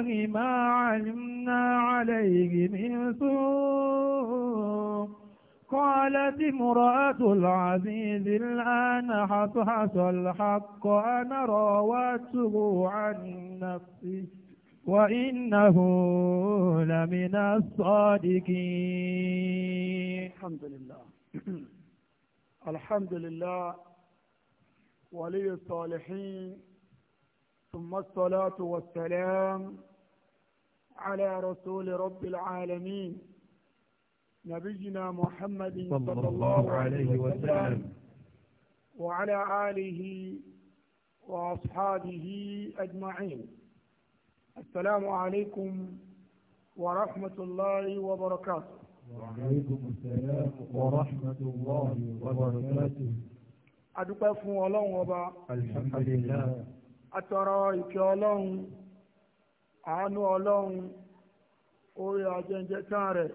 الله ما علمنا عليه من سوء قالت امرأة العزيز الآن حصحص الحق أنا راودته عن نفسي وإنه لمن الصادقين الحمد لله الحمد لله ولي الصالحين ثم الصلاة والسلام على رسول رب العالمين نبينا محمد صلى الله عليه وسلم وعلى آله وأصحابه أجمعين السلام عليكم ورحمة الله وبركاته وعليكم السلام ورحمة الله وبركاته أدوك فون الله الحمد لله atọrọ ìkẹ́ ọlọ́run àánú ọlọ́run orí ajẹjẹ tán rẹ̀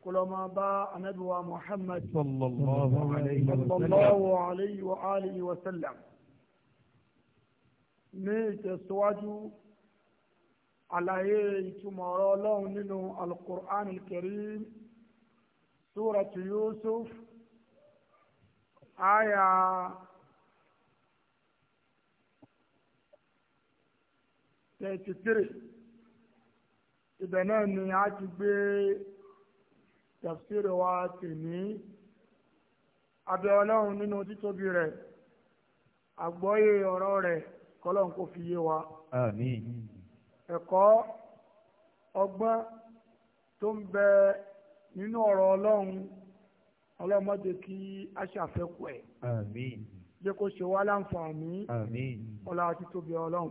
kó lọ máa bá ànábì wa Muhammad sallallahu alayhi wa alihi wa sallam ní ìtẹ̀síwájú àlàyé ìtumọ̀ ọ̀rọ̀ ọlọ́run nínú al-Qur'an al Yusuf aya thirty three ibẹ̀ náà ni a ti gbé tafsir wa tèmí abẹ́ ọlọ́run nínú títóbi rẹ̀ àgbọ́yé ọ̀rọ̀ rẹ̀ kọ́lọ́n kò fi yé wa. àmín. ẹ̀kọ́ ọgbọ́n tó ń bẹ nínú ọ̀rọ̀ ọlọ́run ọlọ́mọdé kí a ṣàfẹ́kù ẹ̀. jẹ́ kó ṣe wá láǹfààní. àmín. títóbi ọlọ́run.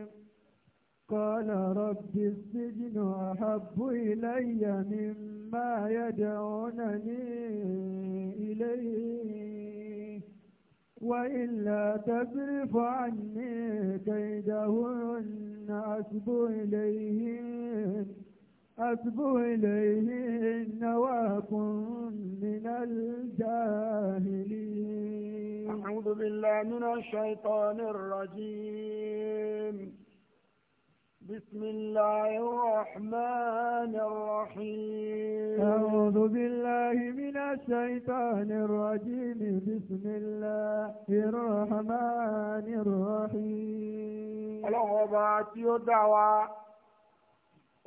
قال رب السجن أحب إلي مما يدعونني إليه وإلا تصرف عني كيدهن أسب إليهن أسب إليهن وأكن من الجاهلين أعوذ بالله من الشيطان الرجيم بسم الله الرحمن الرحيم أعوذ بالله من الشيطان الرجيم بسم الله الرحمن الرحيم الله أبعت يدعوى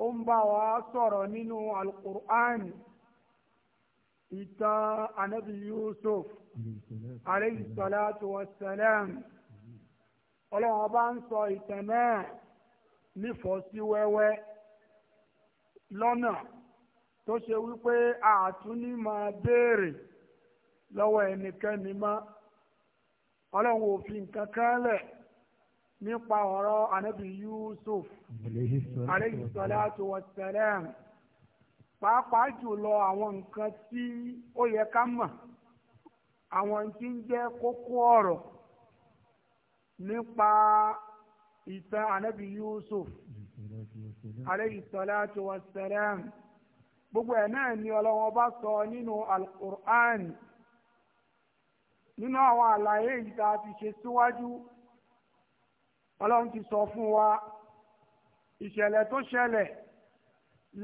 أم بواسر القرآن إتى النبي يوسف عليه الصلاة والسلام الله أبعت يتمام nífọ̀ọ́ sí wẹ́wẹ́ lọ́nà tó ṣe wípé àtúní máa béèrè lọ́wọ́ ẹnikẹ́ni mọ́ ọlọ́run òfin nǹkan lẹ̀ nípa ọ̀rọ̀ ànábì Yusuf alayhi salatu wassalam pàápàá jùlọ àwọn nǹkan tí ó yẹ ká mọ̀ àwọn tí ń jẹ́ kókó ọ̀rọ̀ nípa ìtàn ànábì Yusuf alayhi salatu wassalam gbogbo ẹ̀ náà ni ọlọ́wọ́n bá sọ nínú al-Qur'an nínú àwọn àlàyé yìí tá a ti ṣe síwájú ọlọ́run ti sọ fún wa ìṣẹ̀lẹ̀ tó ṣẹlẹ̀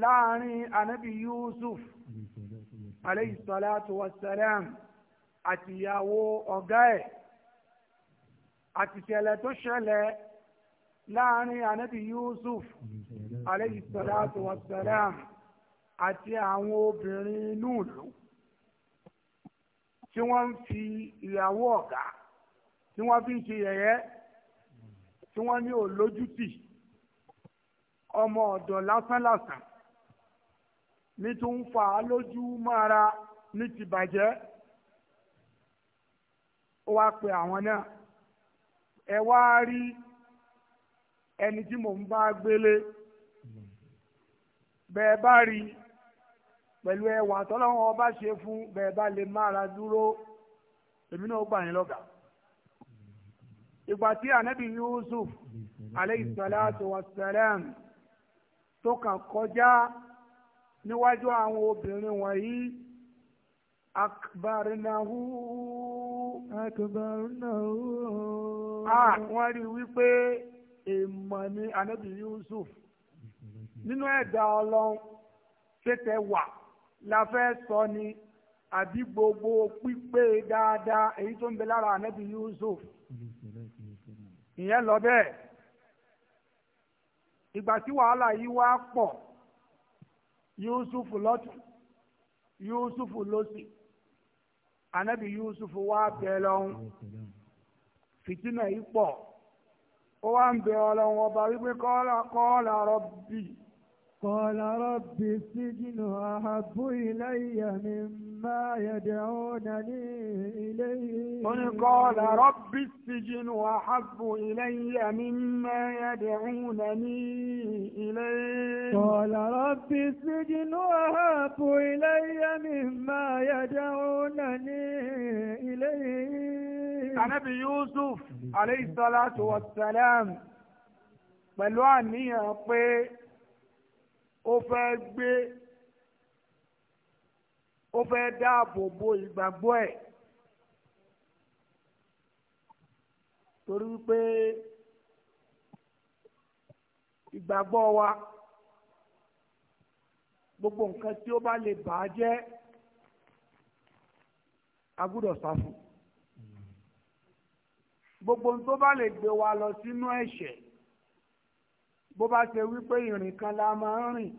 láàrin anabi Yusuf aleyhi salatu wa salam àtìyàwó ọ̀gá ẹ̀ àtìṣẹ̀lẹ̀ tó ṣẹlẹ̀ Laarin ànábì Yusuf alayhi salatu wassalam àti àwọn obìnrin inú ìlú tí wọ́n ń fi ìyàwó ọ̀gá tí wọ́n fi ń yẹ̀yẹ́ tí wọ́n ní òlójútì ọmọ ọ̀dọ̀ ní tó ń lójú mára ẹni tí mò ń bá gbélé bẹ́ẹ̀ bá rí pẹ̀lú ẹwà tọ́lọ́wọ́n ọba ṣe fún bẹ́ẹ̀ bá lè mára dúró èmi náà gbà yín lọ́gàá ìgbà tí ànábì Yusuf aleyhi salatu wa salam tó kàn kọjá níwájú àwọn obìnrin wọ̀nyí akbarinahu akbarinahu. a ah, wọ́n rí wípé èèmọ̀ ni anabi yusuf nínú ẹ̀dá ọlọ́run ṣètẹ wà la fẹ́ sọ ni àbí gbogbo pípé dáadáa èyí tó ń bẹ lára anabi yusuf ìyẹn lọ bẹ́ẹ̀ ìgbà tí wàhálà yìí wá pọ̀ yusuf lọ́tún yusuf lọ́sì anabi yusuf wá bẹ̀ lọ́hún fìtínà yìí pọ̀ ó wá ń bẹ ọlọ́run ọba wípé kọ́lá kọ́lá rọ́bì. قال رب السجن أحب إلي مما يدعونني إليه قل قال رب السجن أحب إلي مما يدعونني إليه قال رب السجن أحب إلي مما يدعونني إليه النبي يوسف عليه الصلاة والسلام pẹ̀lú àníyàn pé ó fẹ́ gbé ó fẹ́ dáàbò bo ìgbàgbọ́ ẹ̀ torí wípé ìgbàgbọ́ wa gbogbo nǹkan tí ó bá lè bà á jẹ́ a gbọ́dọ̀ sá gbogbo nǹkan tó bá lè gbé wa lọ sínú ẹ̀ṣẹ̀ bó bá ṣe wípé ìrìn kan la máa ń rìn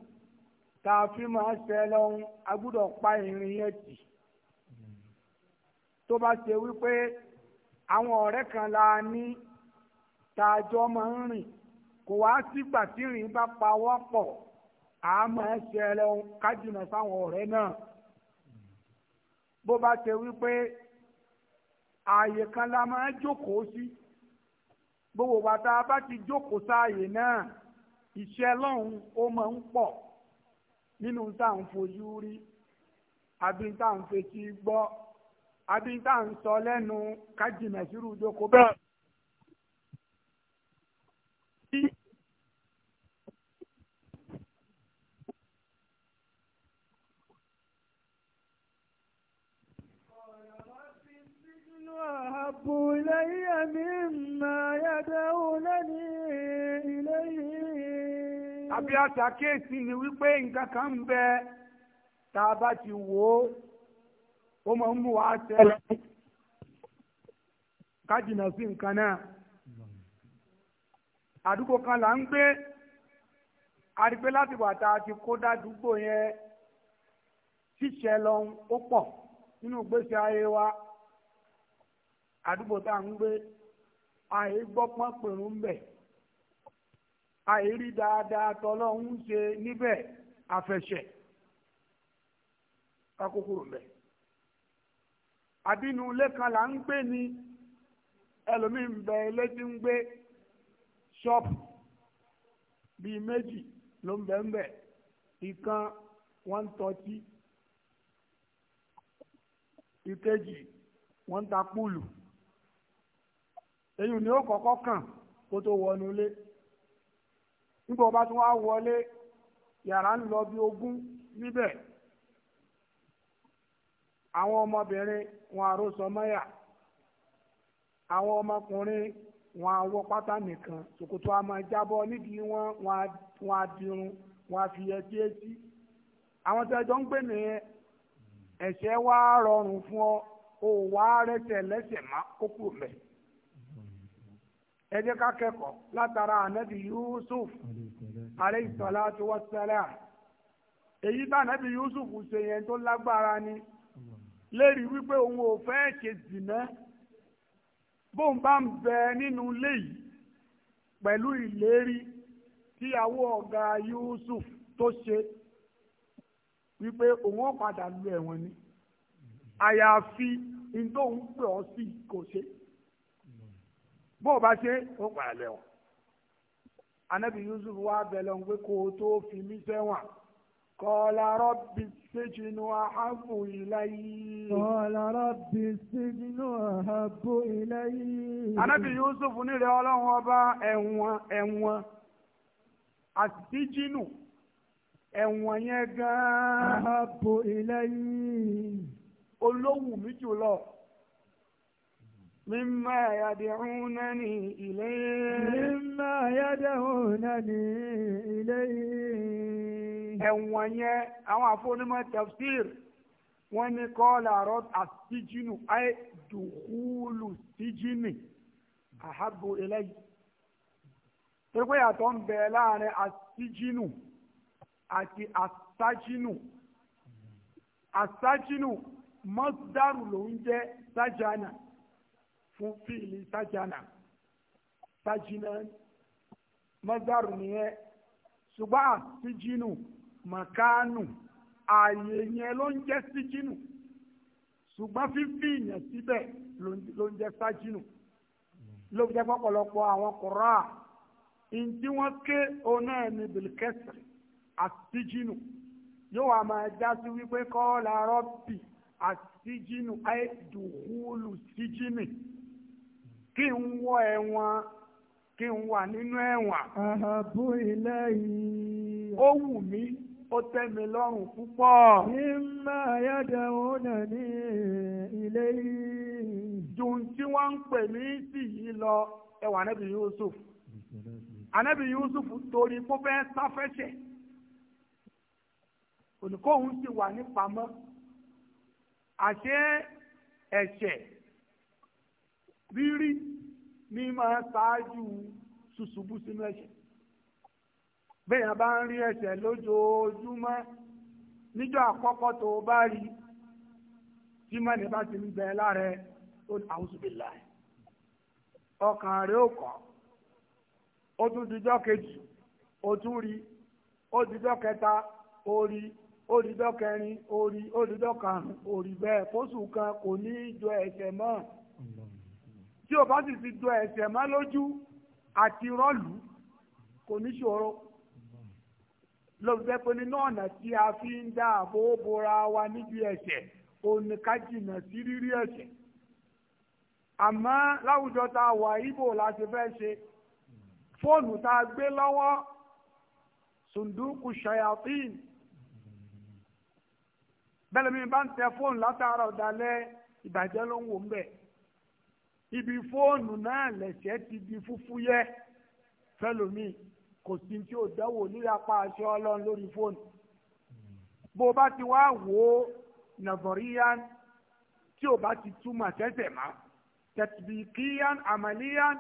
tá a fi máa ṣe lọ́hún a gbúdọ̀ pa ìrìn yẹn tì tó bá ṣe wípé àwọn ọ̀rẹ́ kan la ní tá a jọ máa ń rìn kò wá sígbà tí ìrìn bá pa wọ́n pọ̀ a máa ṣe lọ́hún ká jìnnà sáwọn ọ̀rẹ́ náà bó bá ṣe wípé ààyè kan la máa jókòó sí gbogbo bàtà bá ti jókòó sáàyè náà. iṣẹ́ lọ́hùn ó máa ń pọ̀ nínú tá à ń fojú rí àbí tá à ń fetí gbọ́ àbí tá à ń sọ lẹ́nu kájìnà sírù ìjókòó bẹ́ẹ̀. أحب إلي مما يدعونني إليه àbí àtàkéèsì ni wípé nǹkan kan ń bẹ tá a bá ti wò ó ó máa ń mú wa sí nǹkan náà àdúgbò kan là ń gbé láti wà tá a ti kó dádúgbò yẹn ṣíṣẹ lọ ó nínú ayé wa àdúgbò tá à ń gbé àìgbọ́pọ́n pèrú ń àìrí dáadáa tọ́lọ́hún ṣe níbẹ̀ àfẹsẹ̀ kakókòrò mẹ́. àbínú ilé kan là ń gbé ni ẹlòmíín bẹ ilé tí ń gbé ṣọ́ọ̀bù bíi méjì ló ń bẹ ń bẹ ìkan wọ́n tọ́tí ìkejì wọ́n ta púùlù èyí ni ó kọ́kọ́ kàn kó tó wọnú ilé. nígbà ọba tí wọ́n á wọlé yàrá ń lọ bí ogún níbẹ̀ àwọn ọmọbìnrin wọn àròsọ mọ́yà àwọn ọmọkùnrin wọn àwọ pátá nìkan ṣòkòtò a máa nídìí wọn wọn adirun wọn àfi ẹtí ẹtí àwọn tí ń gbé nìyẹn ẹ jẹ́ ká kẹ́kọ̀ọ́ látara ànábì yusuf alayhi salatu wassalam èyí bá ànábì yusuf ṣe yẹn tó lágbára ni lérí wípé òun ò fẹ́ ṣe zìnà bóun bá ń bẹ nínú ilé pẹ̀lú ìlérí tíyàwó ọ̀gá yusuf tó ṣe wípé òun ó padà lu ẹ̀wọ̀n ni àyàfi ní tóun pè ọ́ sí kò ṣe bó o bá ṣe ó padà lẹ́wọ̀n anabi yusuf wá bẹ̀lẹ̀ ń pé kó o tó fi mí sẹ́wọ̀n kọ́lá rọ́bì sẹ́jìnú àhábù ilayí. kọ́lá rọ́bì sẹ́jìnú àhábù ilayí. anabi yusuf nílẹ̀ ọlọ́run ọba ẹ̀wọ̀n ẹ̀wọ̀n àtijínù ẹ̀wọ̀n yẹn gan-an. àhábù ilayí. olówùmí jùlọ مما يدعونني إليه مما يدعونني إليه ẹ̀wọ̀n yẹn àwọn àfọ́nímọ̀ tafsir wọ́n ní kọ́ọ̀lá rọ́d àtijínú ayé dùkúlù tijínì àhábò eléyìí pépé yàtọ̀ ń bẹ láàrin àtijínú àti àtàjínú àtàjínú mọ́sídàrú ló ń jẹ́ sájánà fún fíìlì sájànà sájìnà mọ́gàrù nìyẹn ṣùgbọ́n àsíjínù màkánù ààyè yẹn ló ń jẹ́ síjínù ṣùgbọ́n fífi ìyàn síbẹ̀ ló ń jẹ́ sájínù ló jẹ́ pọ̀pọ̀lọpọ̀ àwọn kọ̀ọ̀rọ̀ à ń tí wọ́n ké oná ẹni bìlìkẹ́sìrì àsíjínù yóò wá máa já sí wípé kọ́ làárọ̀ bì àsíjínù àìdùnkúlù síjínì kí n wọ ẹ̀wọ̀n kí n wà nínú ẹ̀wọ̀n. àhàbò ilé yìí. ó wù mí ó tẹ́ mi lọ́rùn púpọ̀. ní máa yáda òun náà ní ilé yìí. ju tí wọ́n ń pè mí sí yìí lọ ẹwà anábì Yusuf anábì Yusuf torí kó fẹ́ sáfẹ́ṣẹ̀ olùkóhùn sì wà ní pamọ́ àṣé ẹ̀ṣẹ̀ rírí ní máa ṣáájú ṣùṣùbù sínú ẹ̀ṣẹ̀ bẹ́ẹ̀ yẹn bá ń rí ẹ̀ṣẹ̀ lójoojúmọ́ níjọ́ àkọ́kọ́ tó o bá rí tí mọ́ni bá ti ń bẹ lára ẹ̀ ó ní àwọn ṣùgbọ́n láì ọkàn rẹ̀ ó kọ́ ó tún dijọ́ kejì ó tún rí ó dijọ́ kẹta ó rí ó dijọ́ kẹrin ó rí ó dijọ́ karùn-ún ó rí bẹ́ẹ̀ kóṣù kan kò ní í jọ ẹ̀ṣẹ̀ mọ́ tí o bá sì ti do ẹ̀sẹ̀ mọ́ lójú àti rọ́ọ̀lù kò ní ṣòro ló fẹ́ pé nínú ọ̀nà tí a fi ń dáàbò bora wa níbi ẹ̀sẹ̀ òun ni ká sí rírí ẹ̀sẹ̀ àmọ́ láwùjọ tá a wà ibo la ṣe fẹ́ ṣe fóònù tá a gbé lọ́wọ́ sùndúkù ṣayatin bẹ́ẹ̀ ni mi bá ń tẹ fóònù látara ọ̀dàlẹ̀ ìbàjẹ́ ló ń wò ń bẹ̀ ibi fóònù náà lẹ̀ṣẹ̀ ti di fúfú yẹ fẹlòmíì kò sí tí ò dáwò níyapa aṣọ ọlọ́run lórí fóònù bó o bá ti wá wò ó nàvọ̀ríyàn tí o bá ti túmọ̀ tẹ́tẹ̀ má tẹ̀tìbìkíyàn àmàlíyàn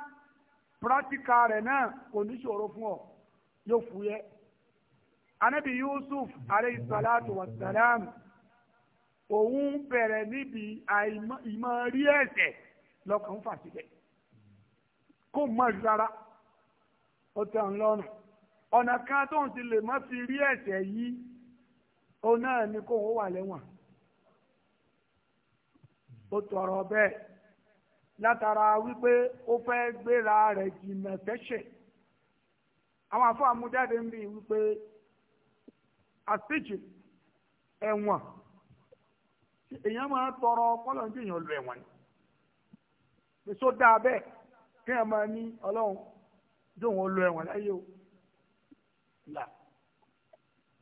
pírátíkà rẹ̀ náà kò ní ṣòro fún ọ yóò fúyẹ́ anabi yusuf aleyhi salatu òun bẹ̀rẹ̀ níbi àìmọ̀ rí ẹ̀ṣẹ̀. lọ́kàn ń fà síbẹ̀ kó mọ̀ rárá ó tẹ̀ ń lọ́rùn ọ̀nà kan tó ń ti lè má fi rí yìí náà kó wà lẹ́wọ̀n ó tọrọ bẹ́ẹ̀ látara wípé ó fẹ́ gbéra rẹ̀ jìnnà àwọn afọ ń wípé ẹ̀wọ̀n èèyàn máa tọrọ kọ́lọ̀ ń lu ẹ̀wọ̀n ni. pé só dáa kí ẹ máa ní ọlọ́run dóun ó lo láyé o là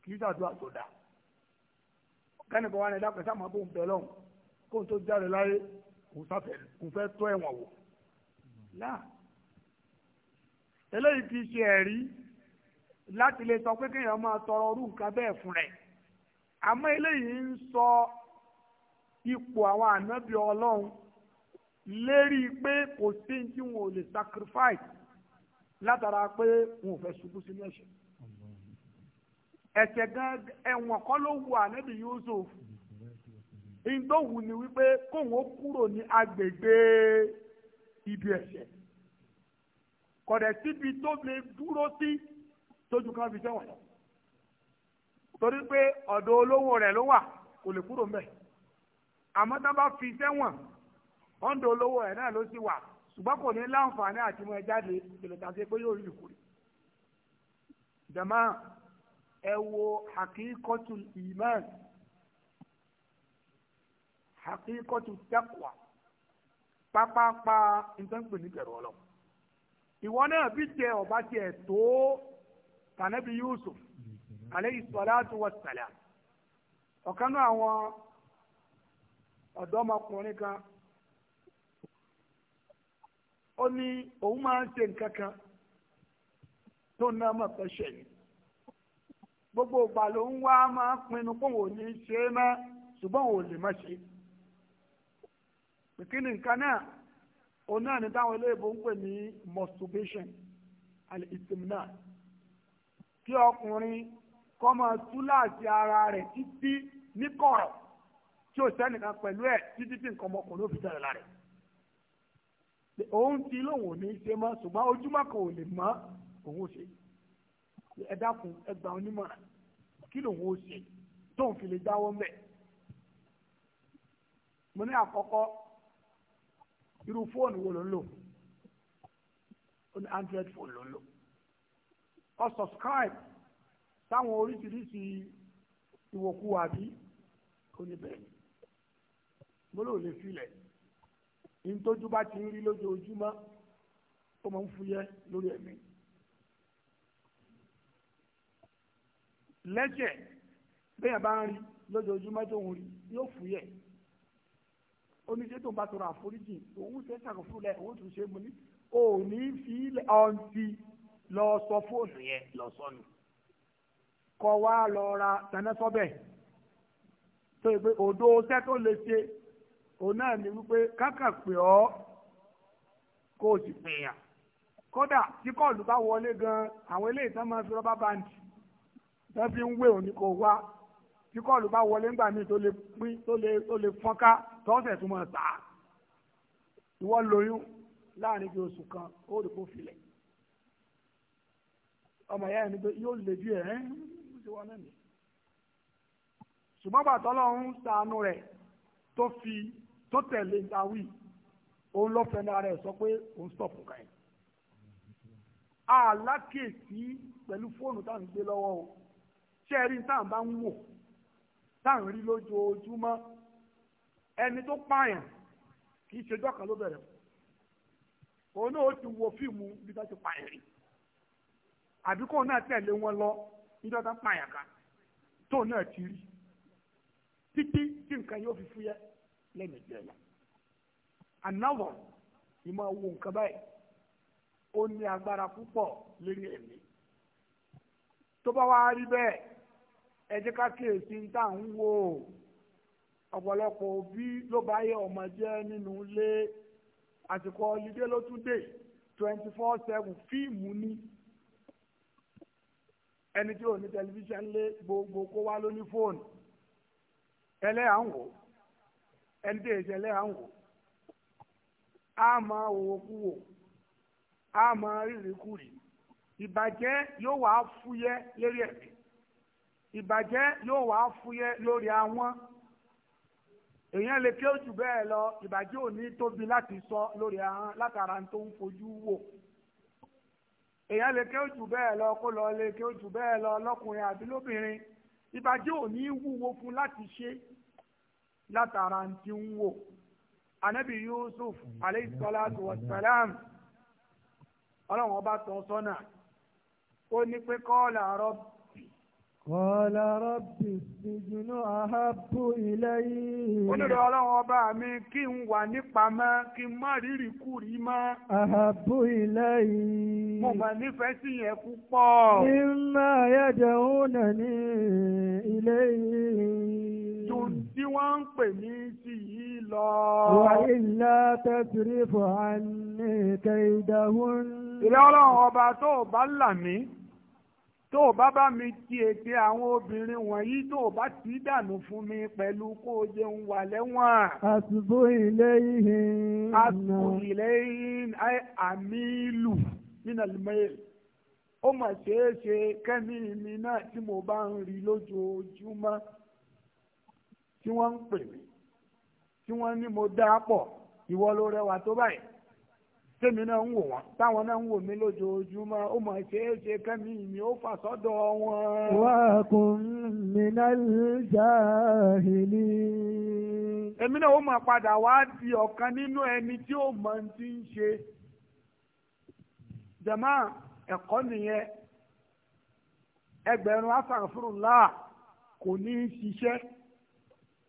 kì í sàdúrà tó dáa kẹ́nìkan wà ní ẹ̀dá pẹ̀sẹ́ àmọ́ bóun bẹ̀ lọ́hùn kóun tó jáde láyé òun sáfẹ́ òun fẹ́ tó ẹ̀wọ̀n wò là eléyìí ti ṣe ẹ̀rí láti lè sọ pé kéèyàn máa tọrọ ọdún nǹkan bẹ́ẹ̀ fún rẹ̀ àmọ́ eléyìí ń sọ ipò àwọn ànábì ọlọ́run lérí pé kò sí tí wọn ò lè sacrifice látara pé wọn ò fẹ́ ṣubú sínú ẹ̀ṣẹ̀ ẹ̀ṣẹ̀ gan ẹ̀wọ̀n kọ́ ló wù ànábì Yusuf ìdóhùn ni wípé kóun ó kúrò ní agbègbè ibi ẹ̀ṣẹ̀ kọ̀dẹ̀ síbi tó lè dúró sí tójú kan fi sẹ́wọ̀n lọ torí pé ọ̀dọ̀ olówó rẹ̀ ló wà kò lè kúrò mbẹ̀ àmọ́ tá bá fi sẹ́wọ̀n ọ̀ǹdà olówó ẹ̀ náà ló sì wà ṣùgbọ́n kò ní láǹfààní àti mọ ẹjáde ìpìlẹ̀ta pé yóò rí ìkórè. jama ẹ wo hakikotul iman hakikotul pápápá nǹkan ní ọlọ ọba tó Yusuf náà àwọn kan ó ní òun máa ń ṣe nǹkan kan tó ná mọ̀ pé ṣe yìí gbogbo ìgbà ló ń wá máa pinnu pé òun ò ní ṣe é mọ́ ṣùgbọ́n òun ò lè má ṣe kí ni nǹkan náà òun náà ní táwọn iléèbó ń pè ní masturbation àti ìsìmínà kí ọkùnrin kọ́ máa tú láti ara rẹ̀ títí ní kọ̀rọ̀ tí ò sẹ́nìkan pẹ̀lú ẹ̀ títí tí nǹkan ọmọkùnrin ò fi sẹ́rẹ̀ rẹ̀ òun ti lóun ò ní í ṣe mọ́ ṣùgbọ́n ojúmọ́ kan ò lè mọ́ òun ò ṣe ẹ dákun ẹ gbà onímọ̀ kí lòun ò ṣe tóun fi lè jáwọ́ mẹ́ mo ní àkọ́kọ́ irú fóònù wo ló ń lò ó ní android phone ló ń lò ọ subscribe sáwọn oríṣiríṣi ìwòkuwà bí ó ní bẹ́ẹ̀ mo lò lè filẹ̀ ntójú bá ti ń rí lójoojúmọ́ ó máa ń fúyẹ́ lórí ẹ̀mí. lẹ́sẹ̀ bẹ́ẹ̀ bá ń rí lójoojúmọ́ tó ń rí yóò fúyẹ́ oníṣẹ́ tó ń bá tọrọ àforíjì òun ṣe ṣàkófúnlẹ̀ òun tún ṣe mú ní òní fi ọ̀ǹtì lọ sọ fóònù yẹn lọ sọnù kọ wá lọ ra tẹnẹsọ bẹ́ẹ̀ tó yẹ pé òdo ṣẹ́ tó lè ṣe. O náà ni wípé kákà pè ọ́ kó o sì pè yàn kódà tí kọ́ọ̀lù bá wọlé gan àwọn eléyìí tán máa fi rọ́bà báńdì tán fi ń wé òní kò wá tí kọ́ọ̀lù bá wọlé ńgbà míì tó lè pín tó lè tó lè fọ́nká tọ́sẹ̀ tó máa tà á ìwọ lóyún láàrin bí oṣù kan ó rí kó filẹ̀ ọmọ ìyá ẹni pé yóò lè bí ẹ̀ ẹ́ ṣe wọ́n náà nì ṣùgbọ́n bàtọ́ lọ́run ṣàánú rẹ̀ tó fi tó tẹ̀lé dáwì òun lọ́fẹ̀ẹ́ náà rẹ̀ sọ pé òun stop nǹkan yẹn alákèsí pẹ̀lú fóònù táwọn gbé lọ́wọ́ o ṣé ẹ rí táwọn bá ń wò táwọn rí lójoojúmọ́ ẹni tó pààyàn kì í ló bẹ̀rẹ̀ òun náà ó ti wo fíìmù bí wọ́n ti pààyàn rí àbí kóun náà tẹ̀lé wọn lọ níjọ́ tó pààyàn kan tóun náà ti rí títí tí nǹkan yóò fi fúyẹ́ lẹ́mẹ̀jọ ẹ̀yà anáwọ̀ ni máa wo nǹkan báyìí ó ní agbára púpọ̀ lórí ẹ̀mí tó bá wá rí bẹ́ẹ̀ ẹ jẹ́ ká kíyèsí ń tà ń wò ó ọ̀pọ̀lọpọ̀ òbí ló bá yẹ ọmọ jẹ́ nínú ilé àsìkò ọlídé ló tún dé twenty four seven fíìmù ni ẹni tí ò ní tẹlifíṣàn lé gbogbo kó wá lóní fóònù ẹlẹ́yà ń wò ó ẹni tí ìṣẹ̀lẹ̀ à ń wò á máa wò kú wò á máa rírì kú rì ìbàjẹ́ yóò wá fúyẹ́ lérí ẹ̀mí ìbàjẹ́ yóò wá fúyẹ́ lórí àwọn èèyàn lè ké jù bẹ́ẹ̀ lọ ìbàjẹ́ òní tóbi láti sọ lórí ahọ́n látara tó ń fojú wò èèyàn lè ké jù bẹ́ẹ̀ lọ kó lọ lè ké jù bẹ́ẹ̀ lọ lọ́kùnrin àbí lóbìnrin ìbàjẹ́ òní wúwo fún láti ṣe látara tí ń wò anabi yusuf aleyhisalatu wasalam ọlọ́run ọba tọ́ sọ́nà ó ní pé kọ́ọ̀lù àrọ́bù. قال رب السجن أحب إلي Onídọ̀ ọlọ́run ọba mi kí n wà nípa mọ́, kí n má rírì kú rí mọ́. أحب إلي. Mo mà nífẹ̀ẹ́ sí yẹn púpọ̀. مما يدعونني إليه. Ju tí wọ́n ń pè mí sí yìí lọ. وإلا تصرف عني كيدهن. Ìrẹ́ ọlọ́run ọba tó bá là mí tó o bá bá mi ti ète àwọn obìnrin wọ̀nyí tó o bá ti dànù fún mi pẹ̀lú kó o jẹun wà lẹ́wọ̀n. àsìbò ilé yìí. àsìbò àmì ìlú nínú àlùmọ́yè ó mà ṣeé ṣe kẹ́mi mi náà tí mo bá ń rí lójoojúmọ́ tí wọ́n ń pè mí tí wọ́n ní mo dá pọ̀ ìwọ ló rẹwà tó báyìí tèmi náà ń wò wọ́n. táwọn náà ń wò mí lójoojúmọ́ ó mọ̀ ṣe é ṣe kẹ́mi mi ó fà sọ́dọ̀ wọn. wà á kún mi náà jáhìlì. èmi náà ó máa padà wá di ọ̀kan nínú ẹni tí ó mọ̀ ń ti ń ṣe. jàmá ẹ̀kọ́ nìyẹn ẹgbẹ̀rún afáǹfúrúnlá kò ní í ṣiṣẹ́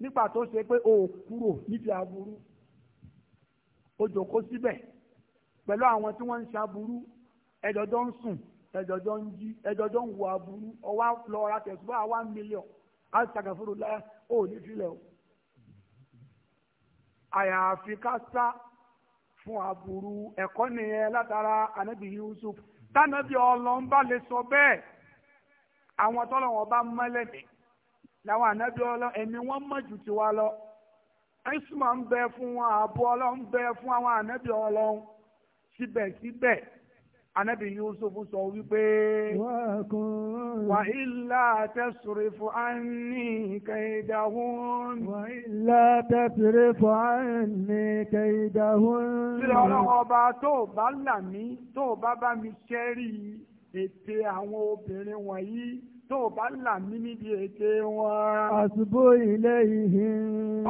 nígbà tó ṣe pé o kúrò níbi àbúrú o jòkó síbẹ̀. pẹ̀lú àwọn tí wọ́n ń ṣaburú ẹ̀dọ̀dọ̀ ń sùn ẹ̀dọ̀dọ̀ ń jí ẹ̀dọ̀dọ̀ ń wo aburú ọwọ́ lọ́ra tẹ̀síwá one million aṣàkàfọ́rọ̀ láyà ó ní filẹ̀ o. àyàfi ká sá fún aburú ẹ̀kọ́ nìyẹn látara anabi Yusuf tánàbí ọlọ́n bá lè sọ bẹ́ẹ̀ àwọn tọ́lọ́wọ́n bá mọ́lẹ́mí làwọn anabi ọlọ́n ẹ̀mí wọn mọ̀ jù tiwa lọ ẹ̀sùn máa ń bẹ fún wọn ààbò ọlọ́n bẹ fún àwọn anabi ọlọ́n síbẹ̀síbẹ̀ anabi yusuf sọ wípé wà ilà tasrifu anni kaydahun. wà ilà tasrifu anni kaydahun. sílẹ̀ ọlọ́wọ́ ọba tó o bá là mí tó o bá bá mi ṣẹ́rí ète àwọn obìnrin wọ̀nyí tó bá là mí níbi ète wọn. àṣùbò ilé ìhì.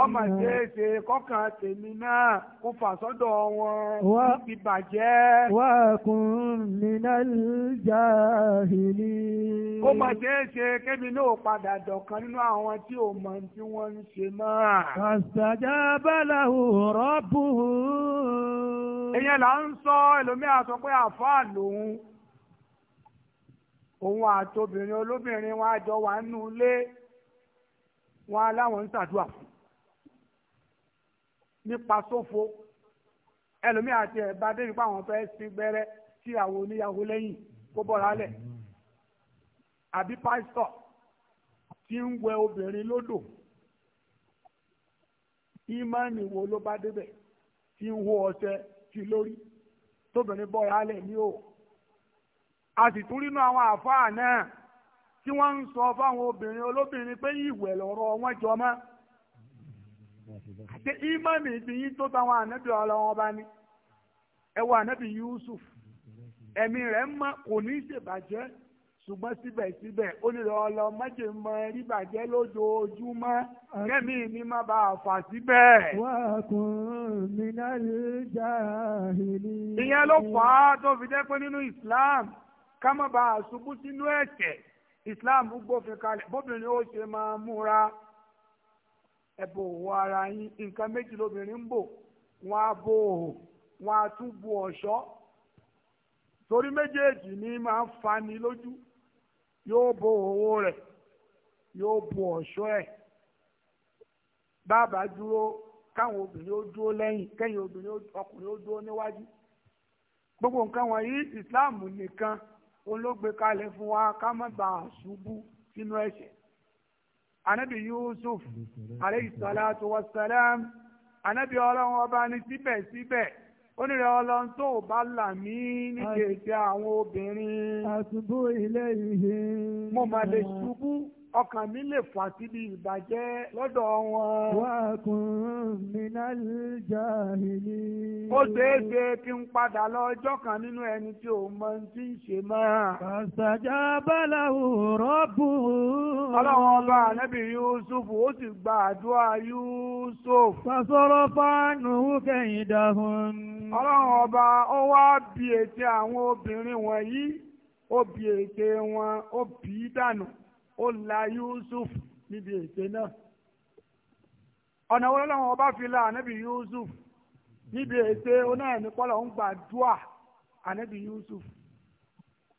ọmọ ìṣeéṣe kọkàn tèmi náà kó fà sọ́dọ̀ wọn níbi bàjẹ́. wà á kún minal jahili. ó mọ̀ ṣeéṣe kébí náà padà dọ̀kan nínú àwọn tí ò mọ̀ tí wọ́n ń ṣe mọ́. fastajaba lahu rabbuhu. èèyàn là ń sọ ẹlòmíà sọ pé àfáà lòun òun àtobìnrin olóbìnrin wọn àjọ wà nínú ilé wọn aláwọn ń ṣàdúrà fún nípa sófo ẹlòmíì àti ẹ̀bá débi pé àwọn fẹ́ sí gbẹ́rẹ́ sí oníyàwó lẹ́yìn kó bọ́ra lẹ̀ àbí pásítọ̀ tí ń wẹ obìnrin lódò ìmánì wo ló bá débẹ̀ tí ń hó ọṣẹ ti lórí tóbìnrin bọ́ra lẹ̀ ní òòrùn a sì tún rínú àwọn àfáà náà tí wọ́n ń sọ fáwọn obìnrin olóbìnrin pé ìwẹ̀ lọ́rọ̀ wọn jọ mọ́ àti ìmọ̀mì ìdíyín tó táwọn ànábì ọlọ́wọ́n bá ní ẹ ànábì Yusuf ẹ̀mí rẹ̀ mọ́ kò ní ṣèbàjẹ́ ṣùgbọ́n síbẹ̀síbẹ̀ ó ní lọ lọ mọ́jẹ̀ mọ rí bàjẹ́ lójoojúmọ́ kẹ́mi ní má bá fà síbẹ̀. ìyẹn ló fà á tó fi jẹ́ pé nínú Islam. ká má ba àṣubú sínú ẹ̀ṣẹ̀ islam gbófin kalẹ̀ bóbìnrin ó ṣe máa múra ẹ̀bùn òwò ara yín nǹkan méjì lóbìnrin ń bò wọ́n á bò òhò wọ́n á tún bu torí méjèèjì ni máa ń fani lójú yóò bo òwò rẹ yóò bu ọ̀ṣọ́ ẹ̀ bàbá dúró káwọn obìnrin ó dúró lẹ́yìn kẹ́yìn obìnrin ọkùnrin ó dúró níwájú gbogbo nǹkan wọ̀nyí islam nìkan olóògbé kalẹ̀ fún wa ká má bà á sínú ẹ̀ṣẹ̀ anabi yusuf aleyhi salatu wa salam anabi ọlọ́run ọba ní síbẹ̀síbẹ̀ onírẹ̀ ọlọ́run tó o bá là mí ní kèké àwọn obìnrin. àtúbù ilé ìhìn. mo máa lè ṣubú. ọkàn mi lè fà síbi ìbàjẹ́ lọ́dọ̀ wọn. wà á kún minal jahili. ó ṣeé ṣe kí n padà lọ ọjọ́ kan nínú ẹni tí ò mọ tí ń ṣe mọ́. fastajaba lahu rabbu. ọlọ́run ọba ànábì yusuf ó sì gba àdúrà yusuf. fasọ̀rọ̀ fánù kaydahun. ọlọ́run ọba ó wá bi ète àwọn obìnrin wọ̀nyí ó bi ète wọn ó bì dànù. ó la Yusuf níbi ète náà ọ̀nà wo lọ́wọ́ ọba fi la ànábì Yusuf níbi ète onáyẹ̀ni pọ́lọ̀ ń gbàdúà ànábì Yusuf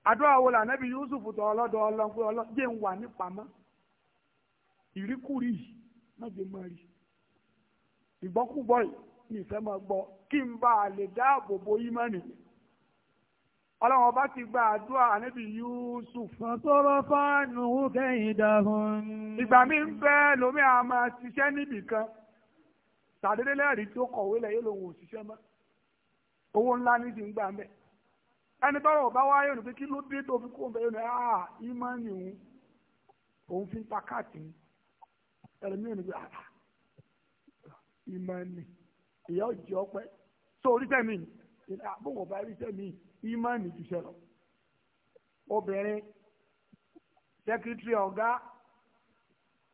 àdúrà wo la ànábì Yusuf tọ̀ ọlọ́dọ̀ ọlọ́pẹ ọlọ́jẹ́ ń wà nípamọ́ ìríkùrí mọ̀jẹ̀ máa rí ìgbọ́kúgbọ́ yìí ní ìfẹ́ máa gbọ́ kí n bá a lè dáàbò bo ímánì mi ọlọ́run ọba ti gba àdúrà ànábì Yusuf. sọ̀rọ̀ fáànù kẹ́yìn dàhùn. ìgbà mi ń bẹ́ lómi àwọn máa ṣiṣẹ́ níbì kan tàdédé lẹ́rìí tó kọ̀wé lẹ̀ yóò lòun ò ṣiṣẹ́ mọ́ owó ńlá ní ti ń gbà mẹ́ ẹni tọrọ ọba wáyé òní pé kí ló dé tó fi kó bẹ́ẹ̀ ní à ah, ìmánì òun òun fi ń ta káàtì ní ẹlẹ́mí òní pé àà ah, ìmánì ìyá òjì ọpẹ́ tó orí tẹ̀mí ah, bóun ìmánì jùṣẹ́ lọ obìnrin sẹ́kítírì ọ̀gá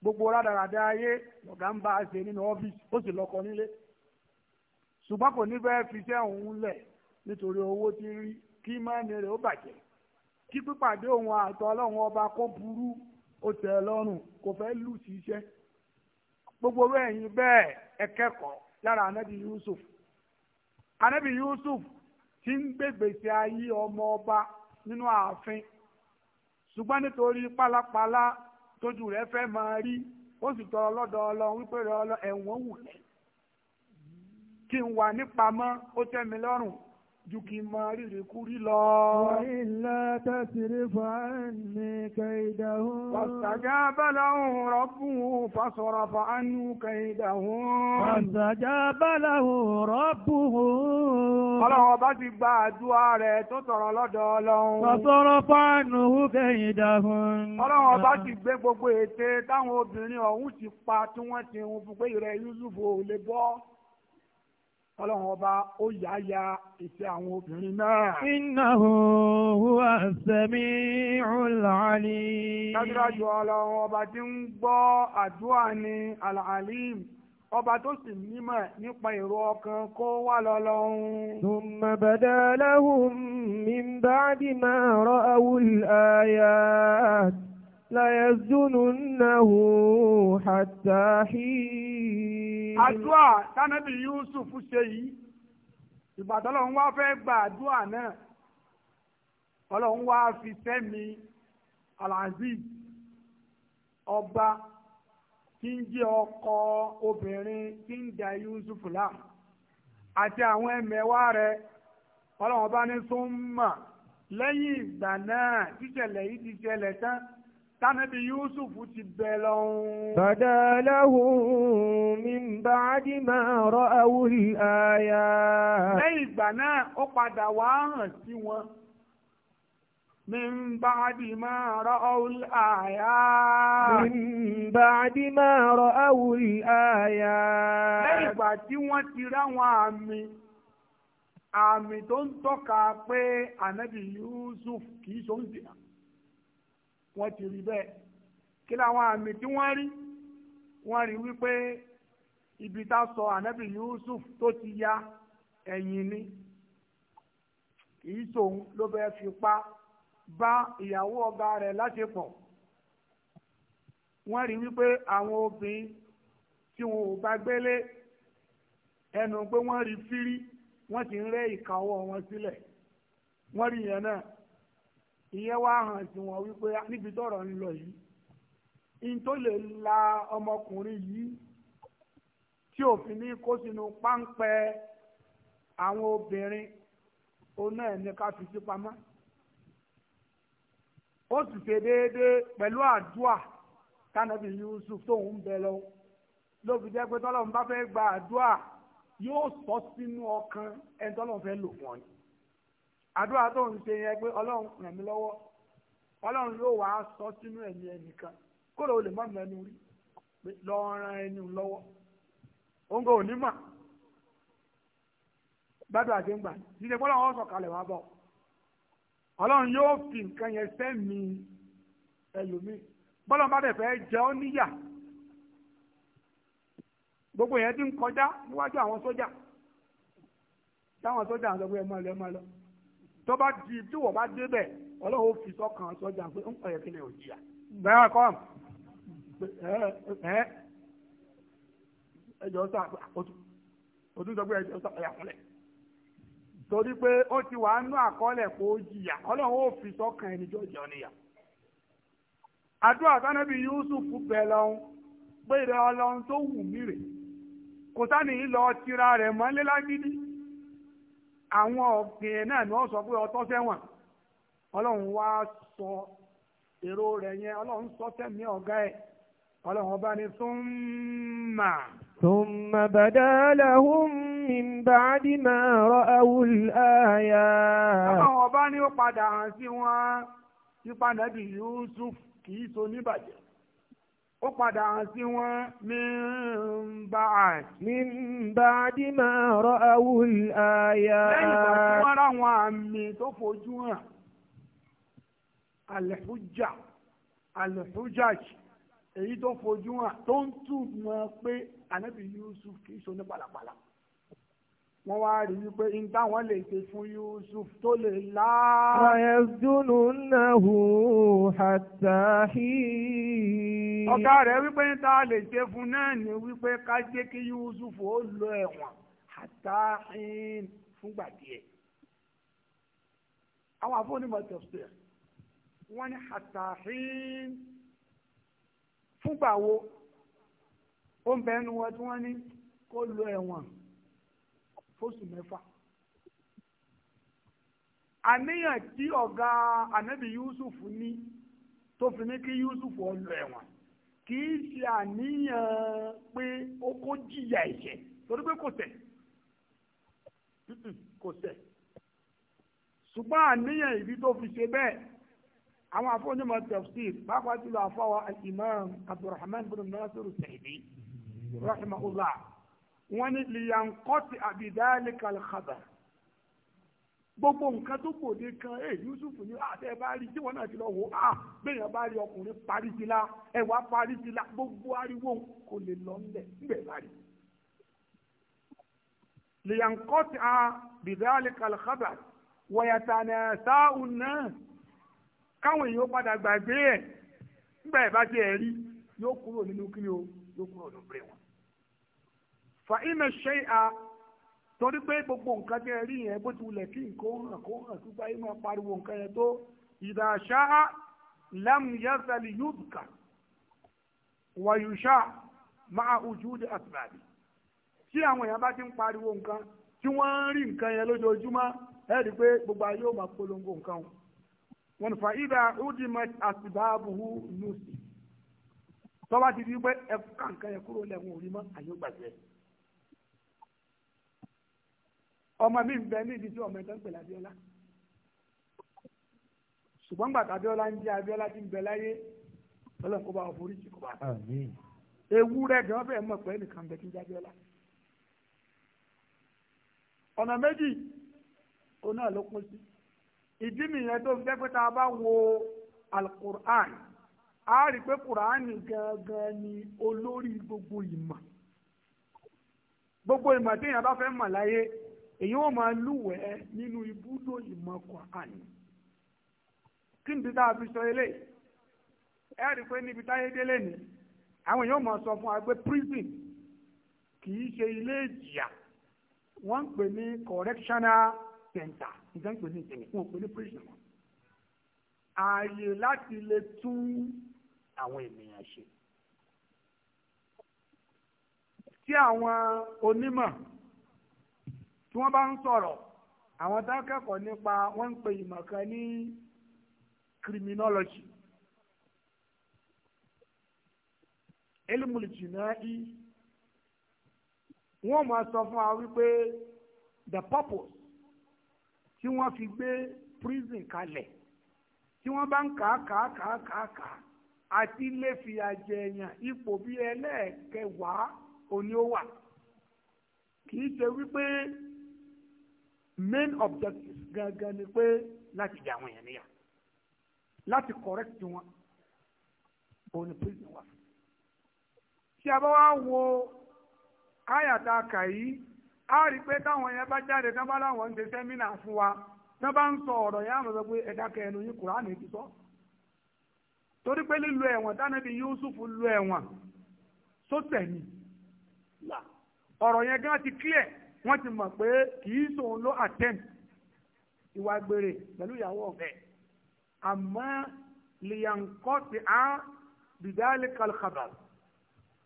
gbogbo rádaràdá ayé ọ̀gá ń bá a ṣe nínú ọ́fíìsì ó sì lọ́kọ nílé ṣùgbọ́n kò ní fi òun lẹ̀ nítorí owó tí rí kí rẹ̀ ó bàjẹ́ kí pípàdé òun ọba kó burú ó lọ́rùn kò fẹ́ lù gbogbo ẹ̀yin bẹ́ẹ̀ ẹ kẹ́kọ̀ọ́ lára anabi Yusuf anabi Yusuf tí ń gbègbèsè ayé ọmọ ọba nínú ààfin ṣùgbọ́n nítorí pálapàla tójú rẹ̀ fẹ́ máa rí ó sì tọrọ lọ́dọ̀ ọlọ́run wípé rẹ̀ ọlọ́ ẹ̀wọ̀n wù kí n wà nípamọ́ ó tẹ́ mi lọ́rùn ju kí n máa rírí kúrí lọ. Ilá tàṣírí fàánì kaidahun. Fàṣàjá bálahun rọ́bùhù fàṣọ̀rọ̀ fàánù kaidahun. Fàṣàjá bálahun rọ́bùhù. Ọlọ́run ọba ti gba àdúrà rẹ̀ tó tọ̀rọ̀ lọ́dọ̀ ọlọ́run. Fàṣọ̀rọ̀ fàánù kaidahun. Ọlọ́run ọba ti gbé gbogbo ète táwọn obìnrin ọ̀hún ti pa tí wọ́n ti hun fún pé ìrẹ̀ Yúsùfù ò lè bọ́ ọlọ́run ọba ó yá ya ìfẹ́ àwọn obìnrin náà. innahu huwa as-sami'ul 'alim. dájúdájú ọlọ́run ọba tí ń gbọ́ àdúrà ní al-alim ọba tó sì nímọ̀ nípa èrò ọkàn kó wà lọ́lọ́run. thumma bada lahum min ba'di ma ra'awul ayat. ليزننه حتى حين àdúà tánàbí Yusuf ṣe yìí ìgbàdọ́ lọ́n wá fẹ́ gba àdúà náà ọlọ́run wá fi sẹ́mi alaziz ọba tí ń jẹ́ ọkọ obìnrin tí ń da Yusuf láàmú àti àwọn ẹ̀mẹ̀wá rẹ̀ ọlọ́run bá ní súnmọ́ lẹ́yìn ìgbà náà tíṣẹ̀lẹ̀ yìí ti ṣẹlẹ̀ tán tánàbí yusuf ti bẹ̀ lọ́hún. bàdà láhùn min ba'di ma ra'awu al-aya. lẹ́yìn ìgbà náà ó padà wá hàn sí wọn. من بعد ما رأوا الآيات من بعد ما رأوا الآيات lẹ́yìn ìgbà tí wọ́n ti ráwọn àmì àmì tó ń tọ́ka pé ànábì Yusuf kìí ṣe ń dìnnà wọ́n ti rí bẹ́ẹ̀ kí làwọn àmì tí wọ́n rí wọ́n rí wípé ibi tá sọ ànábì Yusuf tó ti ya ẹ̀yìn ni kìí sòun ló bẹ́ẹ̀ fipá bá ìyàwó ọ̀gá rẹ̀ láṣepọ̀ wọ́n rí wípé àwọn obìnrin tí wọn ò bá gbélé ẹnu pé wọ́n rí fírí wọ́n ti ń rẹ́ ìkàwọ́ wọn sílẹ̀ wọ́n rí yẹn náà ìyẹn wá hàn sí wọn wípé níbi tọ́rọ̀ ń lọ yìí in tó lè la ọmọkùnrin yìí tí òfin ní kó sínú páńpẹ́ àwọn obìnrin òun náà ní ká fi sí pamọ́ ó sì ṣe déédéé pẹ̀lú àdúà kánàbì Yusuf tóun ń bẹ lọ ló fi jẹ́ pé tọ́lọ́run bá gba àdúà yóò sọ sínú ọkàn ẹni tọ́lọ́run fẹ́ lò wọ́n ni. àdúrà tó ń ṣe yẹn pé ọlọ́run ràn mí lọ́wọ́ ọlọ́run yóò wá sọ sínú ẹ̀mí ẹnìkan kódà o lè má mẹ́nu rí pé lọ́ọ́ ran ẹni lọ́wọ́ òun kò ní mà gbádùn jíjẹ pé ọlọ́run wá bọ̀ ọlọ́run yóò fi nǹkan yẹn sẹ́mi bọ́lọ́n bá dẹ̀ fẹ́ gbogbo yẹn ti ń kọjá níwájú àwọn sójà táwọn sójà ń sọ pé ẹ máa tó bá di tí wọ́n bá débẹ̀ ọlọ́run fi sọ́kàn sọ́jà pé ń pẹ̀yẹ kí ni ò jìyà bẹ́ẹ̀ kọ́ ẹ ẹjọ́ sá òtún sọ pé torí pé ó ti wà nú kó jìyà fi sọ́kàn ẹni jẹun níyà Yusuf pé ọlọ́run tó tira rẹ̀ àwọn ọ̀gbìn náà ni wọ́n sọ pé ọtọ́ sẹ́wọ̀n ọlọ́run wá sọ èrò rẹ̀ yẹn ọlọ́run sọ sẹ́mi ọ̀gá ẹ̀ ọlọ́run ọba ni súnmà. súnmà bàdá làhùn mi bá dì máa rọ àwùl àyà. ọlọ́run ọba ni ó padà hàn sí wọn nípa nàbì Yusuf kì í so níbàjẹ́. ó padà hàn sí wọn min ba'd. min ba'di ma ra'awul aya. lẹ́yìn ìgbà tí wọ́n rà wọn àmì tó fojú hàn al-hujja èyí tó fojú hàn tó ń túmọ̀ pé ànábì Yusuf kì í ṣe onípàlàpàlà wọ́n wá rí wípé n táwọn lè ṣe fún Yusuf tó lè lá. ọ̀yẹ̀dúnú náà hù hàtàhí. ọ̀gá rẹ̀ wípé n tá a lè ṣe fún náà ni wípé ká jẹ́ kí Yusuf ó lọ ẹ̀wọ̀n hàtàhí fúngbà díẹ̀. àwọn afọ́nimọ̀ tẹ̀sítẹ̀ wọ́n ní hàtàhí fúngbà wo ó ń bẹ́ẹ̀ nu wọn tí wọ́n ní kó lọ ẹ̀wọ̀n. fóṣù mẹ́fà àníyàn tí ọ̀gá anabi Yusuf ní tó fi ní kí Yusuf ó lọ kì í ṣe àníyàn pé ó kó jìyà ẹ̀ṣẹ̀ torí pé kò ṣẹ̀ kò ṣẹ̀ ṣùgbọ́n àníyàn ìbí tó fi ṣe bẹ́ẹ̀ àwọn afọ́nimọ̀ tafsir pàápàá jùlọ àfọwọ́ Imam Abdulrahman bin wọ́n ní liyankọ́tì àbídáàlì kalkaba gbogbo nǹkan tó gbòde kan ẹ eh, Yusuf ní àti ah, ẹ bá rí tí wọn náà ti lọ wò á ah, bẹyàn bá rí ọkùnrin parí ti la ẹwà parí ti la gbogbo ariwo kò lè lọ ńlẹ ńbẹ bá rí. liyankọ́tì àbídáàlì kalkaba wọ̀yàtànà sáàùn náà káwọn èèyàn padà gbàgbé ẹ̀ ńbẹ bá ti ẹ̀ rí yóò kúrò nínú kí ni o yóò kúrò nínú bẹ̀rẹ̀ wọn fa iná ṣe à torí pé gbogbo nǹkan tẹ́ rí yẹn bó ti wulẹ̀ kí nǹkan hàn kó hàn kí báyìí máa pariwo nǹkan yẹn tó ìdá ṣá lámùyásálì yúbùkà wàyùṣà máa ojú di àtìláàbì tí àwọn èèyàn bá ti ń pariwo nǹkan tí wọ́n ń rí nǹkan yẹn lójoojúmọ́ ẹ rí i pé gbogbo ayé ò máa polongo nǹkan wọn. wọn fa ìdá ọdìmọ àtìbáàbùhù nùsì tọ́wá ti di pé ẹ ká nǹkan yẹn kúrò lẹ́wọ̀n òrí àyè gbàgbé. ọmọ mi ń bẹ níbi tí ọmọ ẹ̀tọ́ ń pè lábíọ́lá ṣùgbọ́n gbàtà abíọ́lá ń jẹ́ abíọ́lá ti ń bẹ láyé ọlọ́run kó bá wà forí jì kó bá wà. ewúrẹ́ gan bẹ́ẹ̀ mọ̀ pé ẹnìkan bẹ kí n jẹ́ abíọ́lá. ọ̀nà méjì òun náà ló kún sí ìdí nìyẹn tó fi jẹ́ pé tá a bá wo alukur'an a rí i pé kur'ani gangan ni olórí gbogbo ìmọ̀ gbogbo ìmọ̀ téèyàn bá fẹ́ mọ̀ láyé èyí wọn máa lúwẹ̀ẹ́ nínú ibùdó ìmọ̀ Quran kí n ti dáa fi sọ eléyìí ẹ rí i pé níbi táyé délé ni àwọn èèyàn máa sọ fún wa pé prison kì í ṣe ilé ìjìyà wọ́n ń pè ní correctional center ìjọba ń pè ní ìjìnlẹ̀ wọ́n ń pè ní prison wọn ààyè láti lè tún àwọn ènìyàn ṣe tí àwọn onímọ̀ wọ́n bá ń sọ̀rọ̀ àwọn tá a kẹ́kọ̀ọ́ nípa wọ́n ń pe ìmọ̀ kan ní criminology elimuli jina'i wọ́n máa sọ fún wa wípé the purpose tí wọ́n fi gbé prison kalẹ̀ tí wọ́n bá ń kà á kà á kà á kà á kà á àti main objective gangan ni pé láti jẹ àwọn èèyàn níyà láti correct wọn òun ni prison wà. tí a bá wá wo àyàtà kà yìí a rí i pé táwọn yẹn bá jáde tán bá láwọn ń ṣe sẹ́mínà fún wa tán bá ń sọ ọ̀rọ̀ yẹn àwọn sọ pé ẹ̀dá kẹrin yìí Kùránì ti sọ. torí pé lílo ẹ̀wọ̀n Yusuf lo ẹ̀wọ̀n ọ̀rọ̀ yẹn gan ti clear. wọ́n ti mọ̀ pé kì í sòun ló attempt ìwà gbèrè pẹ̀lú ìyàwó ọ̀fẹ́ àmọ́ lìyànkọ́ ti á bìdálé kalkaba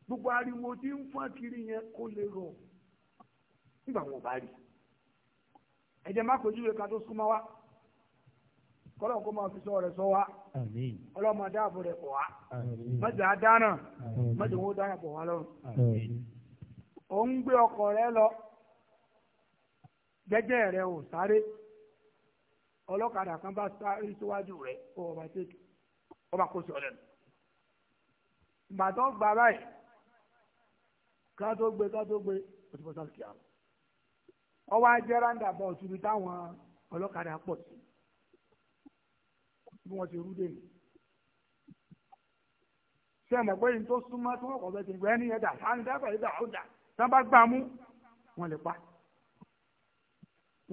gbogbo ariwo tí ń fọ́n kiri yẹn kó lè rọ̀ nígbà wọn bá rí ẹ̀jẹ̀ má kojú ìwé ká tó súnmọ́ wa kọ́lọ̀ kó máa fi sọ sọ wa ọlọ́mọ pọ̀ wá mọ̀jẹ̀ á dáná mọ̀jẹ̀ wọn ó dáná pọ̀ wá lọ́rùn gbé ọkọ̀ lọ. jẹ́jẹ́ rẹ ò sáré ọlọ́kadà kan bá sáré síwájú rẹ kó ọba tètè ọba kó sọ̀rọ̀ nù. ìgbà tó gba báyìí ká tó gbé ká tó gbé o ti bọ́ sáré kìá lọ. ọwọ́ ajẹ́ ráńdà bọ̀ síbi táwọn ọlọ́kadà pọ̀ sí bí wọ́n ti rú dé nìyí ṣe mọ̀ pé yìí tó súnmọ́ tí wọ́n kọ̀ bẹ́ẹ̀ ti gbẹ́ ní ẹ̀dá sáńdá pẹ̀lú ẹ̀dá ọ̀dà tí wọ́n bá gbà mú wọn lè pa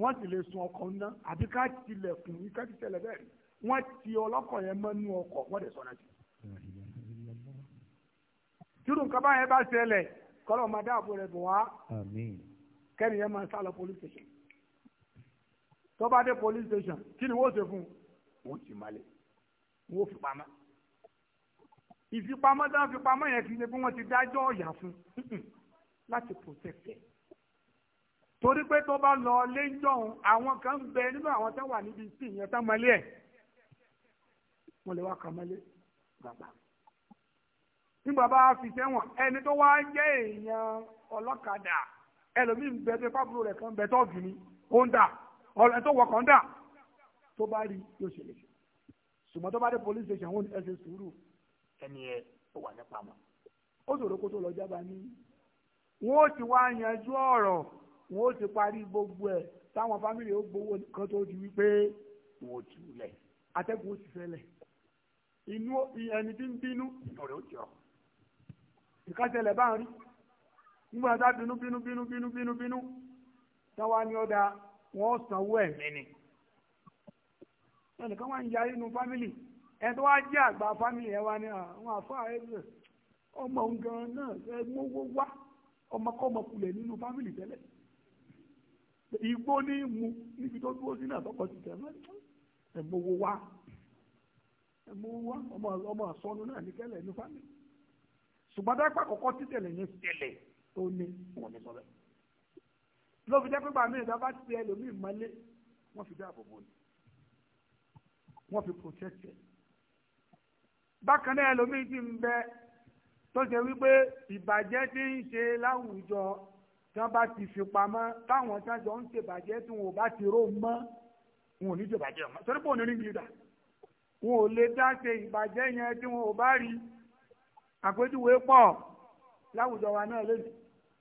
wọ́n sì lè sun ọkọ̀ ńná àbí ká tilẹ̀kùn yìí ká ti tẹ̀lẹ̀ bẹ́ẹ̀ rí wọ́n ti ọlọ́kọ̀ yẹn mọ́nú ọkọ̀ wọ́n dẹ̀ sọ̀rọ̀ jù. tírù nǹkan báyẹn bá ṣẹlẹ̀ kọ́lọ́ máa dáàbò rẹ̀ bùn wá kẹ́ni yẹn máa sá lọ police station tó bá dé police station kí ni wọ́n ṣe fún un wọ́n ti máa lẹ̀ wọ́n fi pamọ́ ìfipamọ́ tá a fi pamọ́ yẹn kì í ṣe pé wọ́n ti dájọ́ ọ̀yà fún láti protect torí pé tó bá lọ léjọ́hún àwọn kan ń bẹ nínú àwọn wà níbi tí ìyẹn tán mọ́lé ẹ̀ wọ́n lè wá kà mọ́lé bàbá ní fi sẹ́wọ̀n ẹni tó wá jẹ́ èèyàn ọlọ́kadà ẹlòmíín bẹ tó pábúrò rẹ̀ kan bẹ tó ọ̀gì ni ó ń dà ọ̀rẹ́ tó wọ̀ kàn wọn ó ti parí gbogbo ẹ̀ táwọn fámìlì ó gbowó kan tó di wípé wọn ò tù lẹ̀ atẹ́gùn ó ti fẹ́lẹ̀ inú ẹni tí ń bínú inú rẹ̀ ó jọ ìkásẹ̀lẹ̀ bá ń rí nígbà tá bínú bínú bínú bínú bínú bínú táwa ni ọ̀dà wọn sanwó ẹ̀mí ni ẹnìkan wá ń ya inú fámìlì ẹni tó wá jẹ́ àgbà fámìlì ẹ wá ní àwọn àfáà ẹgbẹ́ ọmọ òun gan náà ẹgbẹ́ owó wá ọmọkọ́mọkulẹ̀ nínú fámìlì tẹ́lẹ̀ igbó ní mu níbi tó dúró sí náà tọkọ ti tẹ̀ ẹ̀mọ́wó wá ẹ̀mọ́wó wá ọmọ ọmọ àsọnu náà ní kẹlẹ̀ ní fámi ṣùgbọ́n dápẹ́ àkọ́kọ́ títẹ̀lẹ̀ yẹn tẹ̀lẹ̀ tó ní wọn ní sọ bẹ́ẹ̀ ló fi jẹ́ pé bàmí ìdá bá ti ẹ lómi ìmọ̀lé wọ́n fi dáàbò bò ní wọ́n fi protect ẹ̀. bákan náà ẹlòmíì ti ń bẹ tó ṣe wípé ìbàjẹ́ ti ń ṣe láwùjọ tán bá ti fi pamọ́ táwọn tán jọ ń ṣèbàjẹ́ tí wọn ò bá ti ró mọ́ wọn ò ní ṣèbàjẹ́ mọ́ torí pé òní ní ìdá wọn ò lè dá ṣe ìbàjẹ́ yẹn tí wọn ò bá rí àpèjúwe pọ̀ láwùjọ wa náà lónìí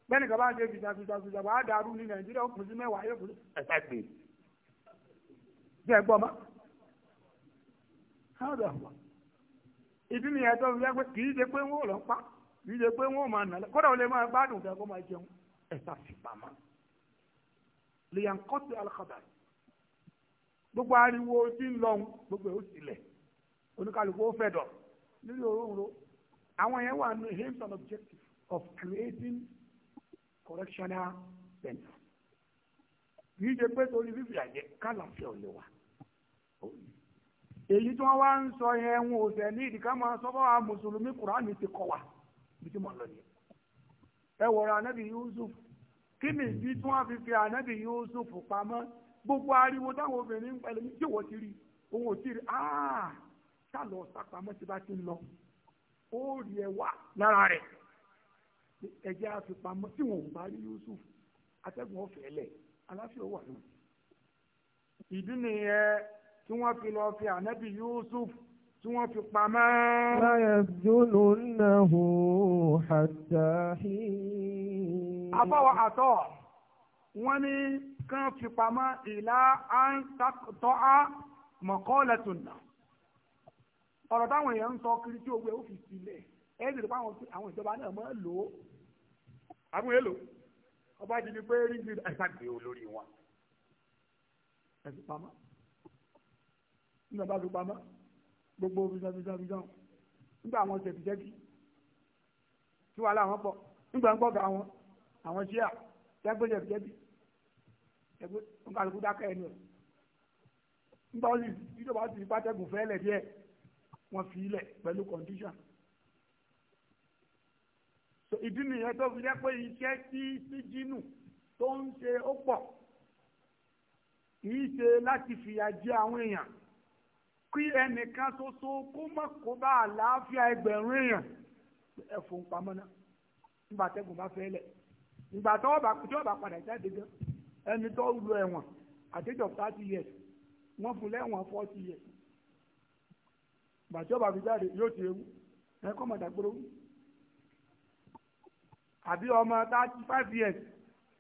bẹ́ẹ̀ni kaba ṣe fìtàfìtàfìtà wàá dàrú ní nàìjíríà ó kùn sí mẹ́wàá yóò kùn sí ẹ̀ka ìpè jẹ́ gbọ́ ma hàn wà ìdí nìyẹn tó ń yẹ pé kì í ṣe pé wọn ò lọ pa kì í ṣe pé wọn ò máa nà lọ kódà ó lè máa gbádùn fẹ́ kó máa jẹun ẹ̀sà fìpamọ́ lèyàn kọ́tù alákọ̀dà gbogbo ariwo tí ń lọ gbogbo ẹ̀ ó sílẹ̀ oníkàlùkù ó fẹ́ dọ̀ nínú òróǹro àwọn yẹn wà ní aims and objectives of creating correctional centre kìí ṣe pé torí fífi àjẹ kálàfẹ́ ò lè wà èyí tí wọ́n wá ń sọ yẹn ń wò sẹ́ ní ìdíkà máa sọ fún kùránì ti kọ́ wa bí tí mo lọ ẹ wọ̀rọ̀ ànábì Yusuf kí ni mm-hmm. ìdí tí wọ́n fi fi ànábì Yusuf pamọ́ gbogbo ariwo táwọn obìnrin ń pẹ̀lú mi tí wọ́n ti rí òun ò tí rí áà tá lọ sápamọ́ tí bá ti ń lọ ó rí ẹ wá lára rẹ̀ ẹ̀jẹ̀ àfipamọ́ tí wọn ò bá rí Yusuf atẹ́gùn ọ̀fẹ́ lẹ̀ aláfíà wà náà ìdí nìyẹn tí wọ́n fi lọ fi ànábì Yusuf tí wọ́n fi pamọ́. láyé jùlọ náà hù hàdáhì. àbáwọ̀ àtọ̀ wọ́n ní kán fi pamọ́ ìlà àǹtọ́ á mọ̀kọ́lẹ̀tùn náà. ọ̀rọ̀ táwọn èèyàn ń sọ kiri tí ogun ẹ̀ ó fi sílẹ̀ ẹ̀ ṣètò pé àwọn ìjọba náà máa lò ó. àwọn èèlò ọba ti di pé rígbì ẹ̀sàgbé olórí wọn. ẹ̀sìn pamọ́. nígbà bá fi pamọ́ gbogbo bisabisabisọ nígbà àwọn ṣèkìṣẹ́kì tí wàhálà wọn pọ̀ nígbà ńgbọ́ ga wọn àwọn ṣíà tẹ́gbẹ́ ṣèkìṣẹ́kì ẹgbẹ́ nkàlùkù dákẹ́ ẹni o nígbà wọn sì ìjọba sì pàtẹ́gùn fẹ́lẹ̀ díẹ̀ wọn fi ilẹ̀ pẹ̀lú condition so ìdí nìyẹn tó fi jẹ́ pé iṣẹ́ tí síjínù tó ń ṣe ó pọ̀ kì í ṣe láti fìyà jẹ àwọn èèyàn kí ẹnìkan ṣoṣo kó má kó bá àlàáfíà ẹgbẹ̀rún èèyàn ẹ̀fọn pamọ́ náà nígbà tẹ́gùn bá fẹ́ lẹ̀ ìgbà tó ọba tí ọba padà jáde gan ẹni tó lu ẹ̀wọ̀n àtẹ́jọ́ thirty years wọ́n fún lẹ́wọ̀n forty years ìgbà tí ọba fi jáde yóò ti ewu ẹ kọ́ mọ̀tà gbọ́dọ̀ wù àbí ọmọ thirty five years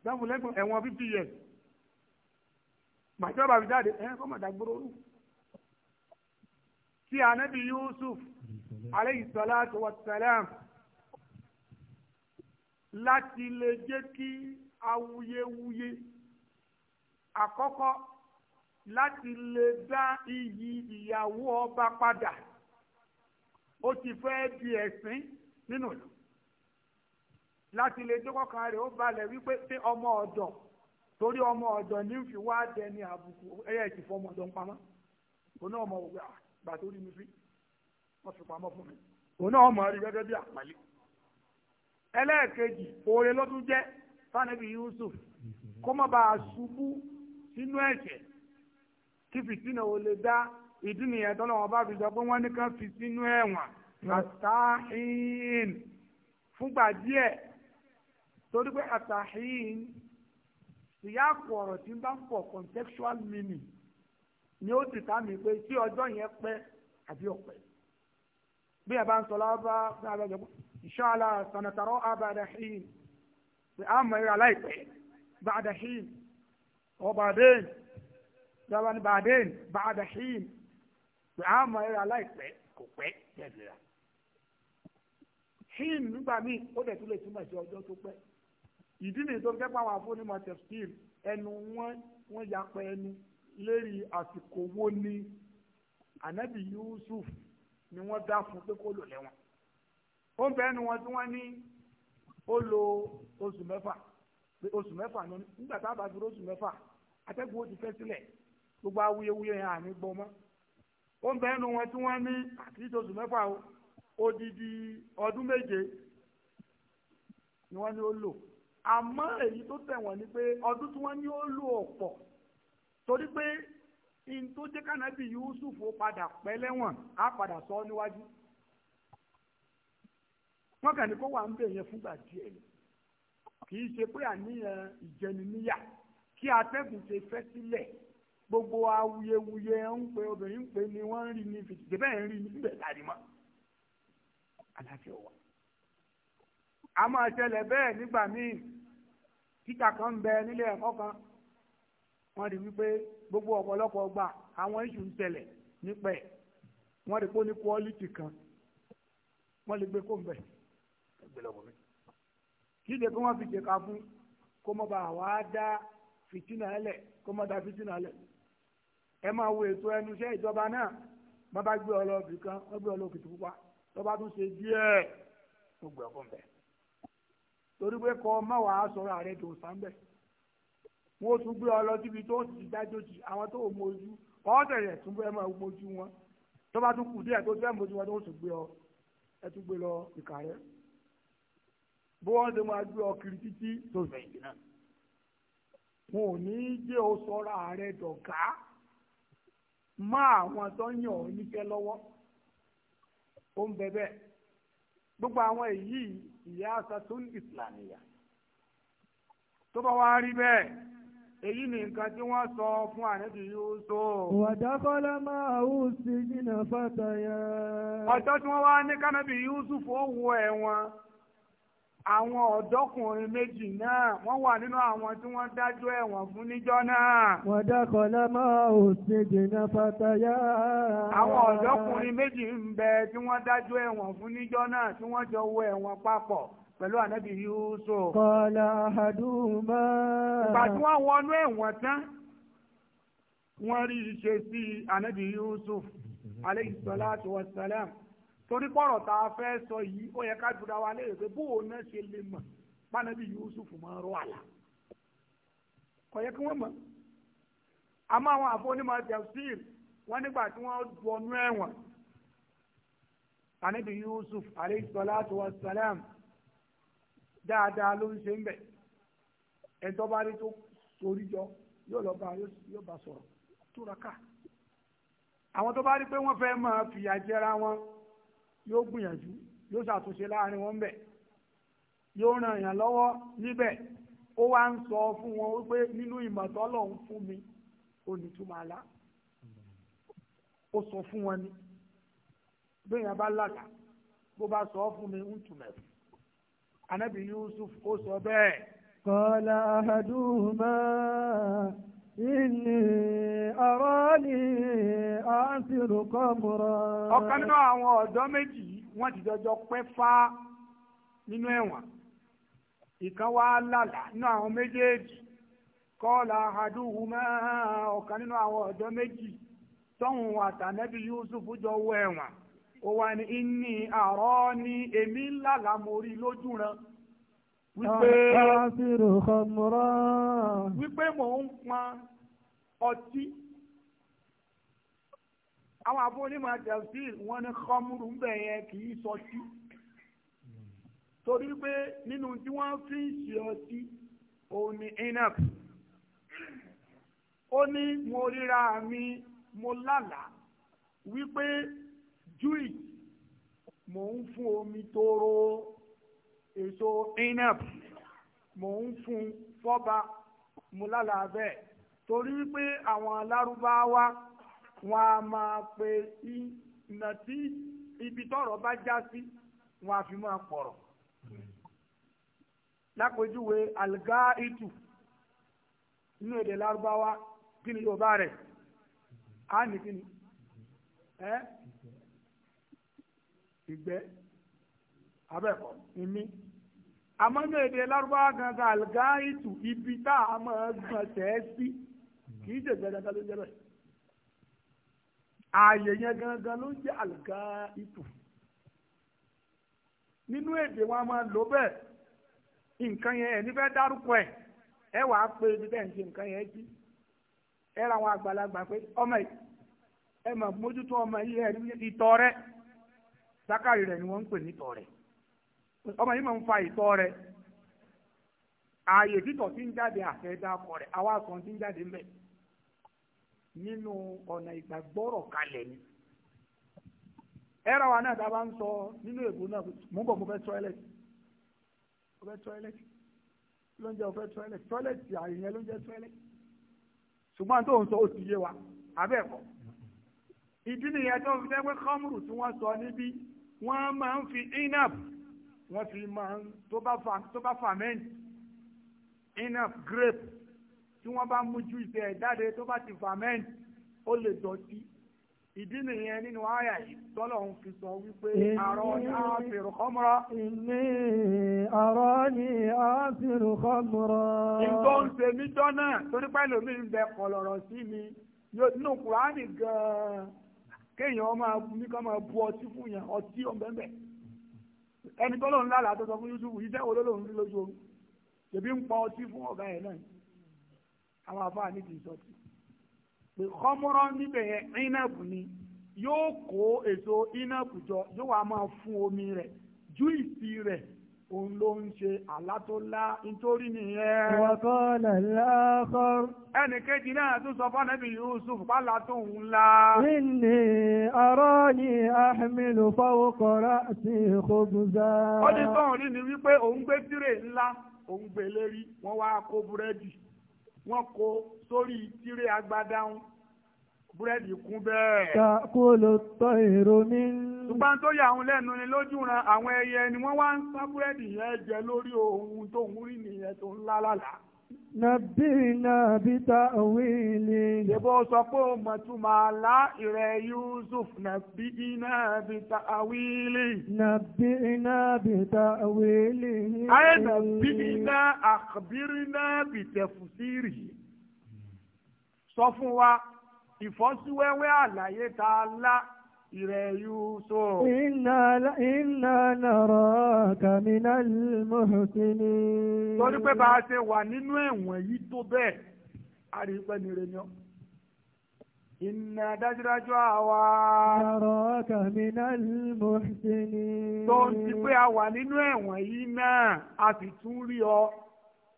wọ́n fún lẹ́wọ̀n fifty years ìgbà tí ọba fi jáde ẹ kọ́ mọ̀tà gbọ́dọ̀ wù tí ànábì Yusuf aleyhi salatu wa salam láti lè jẹ́ kí awuyewuye àkọ́kọ́ láti lè dá iyì ìyàwó ọba padà ó ti fẹ́ di ẹ̀sín nínú ìlú láti lè dé kọ́kàn rẹ̀ ó balẹ̀ wípé pé ọmọ ọ̀dọ̀ torí ọmọ ọ̀dọ̀ ní fi wá dẹni àbùkù ẹ̀yà ìtìfọ́ ọmọ ọ̀dọ̀ ń pamọ́ kò ní ọmọ òwe àwọn gbàtó rí mi fi wọ́n fi pamọ́ fún mi òun náà mọ̀ rí gẹ́gẹ́ bí àpàlẹ́ ẹlẹ́ẹ̀kejì oore ló tún jẹ́ fanabi Yusuf kó má bàa ṣubú sínú ẹ̀ṣẹ̀ kí fìtínà ò lè dá ìdí nìyẹn tó lọ́wọ́ bá fi sọ pé wọ́n ní ká fi sínú ẹ̀wọ̀n àtàhìn fúngbà díẹ̀ torí pé àtàhìn ìyá àpò tí ń bá ń pọ̀ contextual meaning ni ó ti sáàmì pé tí ọjọ́ yẹn pẹ́ àbí ọ̀pẹ́ bí ẹ bá ń sọ lọ́wọ́ bá bá jọ ìṣọ́lá sanatarọ́ abadahim pé a mọ̀ ẹ́rọ aláìpẹ́ badahim ọ baden dábàá ní baden badahim pé a mọ̀ ẹ́rọ aláìpẹ́ kò pẹ́ tẹ̀síra him nígbà míì ó dẹ̀ tún lè túmọ̀ sí ọjọ́ tó pẹ́ ìdí nìyí tó fi jẹ́ pé àwọn tẹ̀síìl ẹnu wọn wọn yapa ẹnu lérí àsìkò wo ni anabi yusuf ni wọ́n dá fún pé kó lò lẹ́wọ̀n ó ń bẹ́ẹ̀ ni wọ́n tí wọ́n ní ó lo oṣù mẹ́fà pé oṣù mẹ́fà ni nígbà tá a bá dúró oṣù mẹ́fà atẹ́gùn ó ti fẹ́ sílẹ̀ gbogbo awuyewuye yẹn àní gbọ́ mọ́ ó ń bẹ́ẹ̀ ni wọ́n tí wọ́n ní àtijọ́ oṣù mẹ́fà o odidi ọdún méje ni wọ́n ní ó lò àmọ́ èyí tó tẹ̀wọ̀n ni pé ọdún tí wọ́n ní ó lò ọ̀pọ̀ torí pé in tó jẹ́ kánábì Yusuf padà pẹ́ lẹ́wọ̀n á padà sọ ọ́ níwájú wọ́n kàn ní kó wà ń bẹ̀ yẹn fúngbà díẹ̀ ni kì í ṣe pé àníyàn ìjẹniníyà kí atẹ́gùn ṣe fẹ́ sílẹ̀ gbogbo awuyewuye ń pe obìnrin ń pe ni wọ́n ń rí ní fìdí bẹ́ẹ̀ ń rí níbẹ̀ láàrin mọ́ àlàáfíà wà. àmọ́ ìṣẹ̀lẹ̀ bẹ́ẹ̀ nígbà míì títà kan ń bẹ nílé ẹ̀kọ́ kan wọ́n rí wípé gbogbo ọ̀pọ̀lọpọ̀ gbà àwọn iṣu ń tẹ̀lẹ̀ nípa ẹ̀ wọ́n rí pé ó ní quality kan wọ́n lè gbé kó ń bẹ̀ ẹgbẹ́ lọ́wọ́ mi. kí ni kí wọ́n fi jẹ̀ka fún kó mọ́ bá wàá dá fìtínà lẹ̀ kó mọ́ dá fìtínà lẹ̀ ẹ máa wo ètò ẹnu iṣẹ́ ìjọba náà má bá gbé ọlọ́ọ̀bì kan wọ́n gbé ọlọ́ọ̀bì tó pupa tó bá tún ṣe díẹ̀ ó gbé ọkọ̀ torí pé kọ́ ọ wọn ó tún gbé ọ lọ síbi tó ti dájọ́ ti àwọn tó o mojú ọ tẹ̀lẹ̀ tún bẹ́ẹ̀ máa mojú wọn tó bá tún kù díẹ̀ tó tẹ́ mojú wọn tó tún gbé ọ ẹ tún gbé lọ ìkà rẹ bó wọn ṣe máa gbé ọ kiri títí tó fẹ̀yìntì náà wọn ò ní í jẹ́ o sọ́ra rẹ dọ̀gá má àwọn tó ń yàn ọ́ níṣẹ́ lọ́wọ́ ó ń bẹ gbogbo àwọn èyí ìyá asatún ìsìlámìyà tó bá wá rí bẹ́ẹ̀ èyí ni nǹkan tí wọ́n sọ fún ànábì Yúsúfù. wàdákọ́lá máa hù sí jìnnà fàtàyà. ọjọ́ tí wọ́n wá ní kánábì Yúsúfù ó wọ ẹ̀wọ̀n àwọn ọ̀dọ́kùnrin méjì náà wọ́n wà nínú àwọn tí wọ́n dájọ́ ẹ̀wọ̀n fún níjọ́ náà. wàdákọ́lá máa hù sí jìnnà fàtàyà. àwọn ọ̀dọ́kùnrin méjì ń bẹ tí wọ́n dájọ́ ẹ̀wọ̀n fún níjọ́ náà tí wọ́n jọ wọ ẹ̀wọ̀n papọ̀ pẹ̀lú ànábì Yusuf. kọ́lá àdúgbò. ìgbà tí wọ́n wọnú ẹ̀wọ̀n tán wọ́n rí ṣe sí ànábì Yusuf aleyhi salatu wasalam. salam torí pọ̀rọ̀ tá a fẹ́ sọ yìí ó yẹ ká dúra wa léèrè pé bóun náà ṣe lè mọ̀ pánábì Yusuf máa ń rọ àlà kò yẹ kí wọ́n mọ̀ àmọ́ àwọn àfọ́nímọ̀ tafsir wọ́n nígbà tí wọ́n wọnú ẹ̀wọ̀n ànábì Yusuf aleyhi salatu wasalam dáadáa ló ń ṣe ń bẹ̀ ẹ̀ńtọ́ bá rí tó torí jọ yóò lọ bá yóò bá sọ̀rọ̀ túra ká àwọn tó bá rí pé wọ́n fẹ́ máa fìyà jẹra wọn yóò gbìyànjú yóò ṣàtúnṣe láàrin wọn bẹ̀ yóò ràn yàn lọ́wọ́ níbẹ̀ ó wá ń sọ fún wọn wípé nínú ìmọ̀tọ́ lọ́hún fún mi onítùmọ̀ àlá ó sọ fún wọn ni gbẹ̀yìn abá làlà bó bá sọ fún mi ń tùmẹ̀ fún anabi yusuf ó sọ bẹ́ẹ̀. kọ́lá ahaduma inni arani asiru kọ́mùrọ̀. ọ̀kan nínú àwọn ọ̀dọ́ méjì wọ́n ti jọjọ pẹ́ fá nínú ẹ̀wọ̀n ìkan wá lálàá nínú àwọn méjèèjì kọ́lá ahaduma ọ̀kan nínú àwọn ọ̀dọ́ méjì tọ́hún àtànẹ́bí yusuf jọ wọ ẹ̀wọ̀n ó wá ní inú àárọ̀ ní èmi ńlá làmórí lójú ran wípé wípé mò ń pọn ọtí àwọn àbó onímọ̀ tẹ̀síìl wọn ní kọ́múrú ń bẹ̀ yẹn kì í sọtí torí pé nínú tí wọ́n fi ń ṣe ọtí òun ni inap ó ní mo ríra mi mo lálàá wípé júì mò ń fún omi tóró èso inep mò ń fún fọ́ba mo lálàáfẹ́ torí pé àwọn alárúbáwá wọn a máa pe ìnà tí ibi tọrọ bá já sí wọn a fi máa pọ̀rọ̀ lápèjúwe àlgá ìtù nínú èdè lárúbáwá kí ni yóò bá rẹ̀ á ní ẹ́ ìgbẹ́ abẹ́kọ̀ imi àmọ́ ní èdè lárúbáwá àlùgá ibi tá a máa gbọ̀n tẹ́ sí kì í ṣègbè ló jẹ́ bẹ́ẹ̀ ààyè yẹn gangan ló jẹ́ àlùgá ìtù nínú èdè wọn a máa lò bẹ́ẹ̀ nǹkan yẹn dárúkọ ẹ̀ ẹ wàá pé ibi bẹ́ẹ̀ ń ṣe nǹkan yẹn ẹ ra àwọn àgbàlagbà pé ọmọ yìí ẹ mà mójútó ọmọ sákàrí rẹ̀ ni wọ́n ń pè ní tọ̀ rẹ̀ ọmọ yìí máa ń fa ìtọ̀ rẹ̀ ààyè títọ̀ tí ń jáde àfẹ́dákọ̀ rẹ̀ àwa kan tí ń jáde ń bẹ̀ nínú ọ̀nà ìgbàgbọ́rọ̀ kalẹ̀ ni ẹ̀rọ wa náà dábàá ń sọ nínú ègbò náà mú bọ̀ mo fẹ́ tọ́ẹ́lẹ̀tì mo fẹ́ tọ́ẹ́lẹ̀tì ló ń jẹ́ mo fẹ́ tọ́ẹ́lẹ̀tì tọ́ẹ́lẹ̀tì ààyè yẹn ló ń jẹ́ tọ́ẹ́lẹ̀tì ṣùgbọ́n tó ń sọ ó ti yé wa abẹ́ẹ̀kọ́ ìdí nìyẹn tó ń fi jẹ́ pé kọ́mùrù tí wọ́n sọ níbí wọ́n máa ń fi inap wọ́n fi máa ń tó bá ferment inap grape tí wọ́n bá mú ju ìfẹ́ ẹ̀ jáde tó bá ti ferment ó lè dọ̀tí ìdí nìyẹn nínú àyà yìí tọ́lọ̀ ń fi sọ wípé àrọ́ ní àfihàn kọ́mọ́rọ́. ìní àrọ́ ní àfihàn kọ́mọ́rọ́. ìgbó ń ṣe mí jọ́nà torí pẹ́lú mi ń bẹ kọlọ̀rọ̀ sí mi nínú kùránì gan-an kéèyàn ọmọ abúlé kan máa bu ọtí fún yàn ọtí ọ̀bẹ̀bẹ̀ ẹni tó lòun lálàá tó sọ fún Yusuf iṣẹ́ wo ló lòun rí lójú oru ṣèbí ń pa ọtí fún ọ̀gá yẹn náà àwọn afáà ní kì í sọtí pé kọ́mọ́rọ́ níbẹ̀ yẹn inabu ni yóò kó èso inabu jọ yóò wá máa fún omi rẹ̀ júìsì rẹ̀ òun ló ń ṣe àlá tó lá nítorí nìyẹn. wa qala al náà tún sọ fún ànábì Yusuf pálá tó ń la. inni arani ahmilu fawqa ra'si khubza. ó ní tóun ni wípé òun gbé tírè ńlá òun gbé lérí wọ́n wá búrẹ́dì kún bẹ́ẹ̀. Kàkóló tọ́ èrò mi. Ṣùgbọ́n tó yà àwọn lẹ́nu ni lójú ran àwọn ẹyẹ ni wọ́n wá ń sá búrẹ́dì yẹn jẹ lórí ohun tó ń rí nìyẹn tó ń lá lálàá. Nàbí nàbí ta òwe Ṣèbó sọ pé o mọ̀ tún máa lá ìrẹ̀ Yusuf nàbí nàbí ta àwí Nàbí nàbí ta àwí Ayé nàbí iná àkàbírí nàbí tẹ̀fùsírì. Sọ fún wa ìfọ́síwẹ́wẹ́ àlàyé tá a lá ìrẹ̀ yuso. iná nàrọ̀ kàmínà mọ̀hùnkìní. torí pé bá a ṣe wà nínú ẹ̀wọ̀n yìí tó bẹ́ẹ̀ a rí i pé nire ọ́. Iná dájúdájú àwa. Nàrọ̀ kàmínà mọ̀hùnkìní. Tó ń ti pé a wà nínú ẹ̀wọ̀n yìí náà, a sì tún rí ọ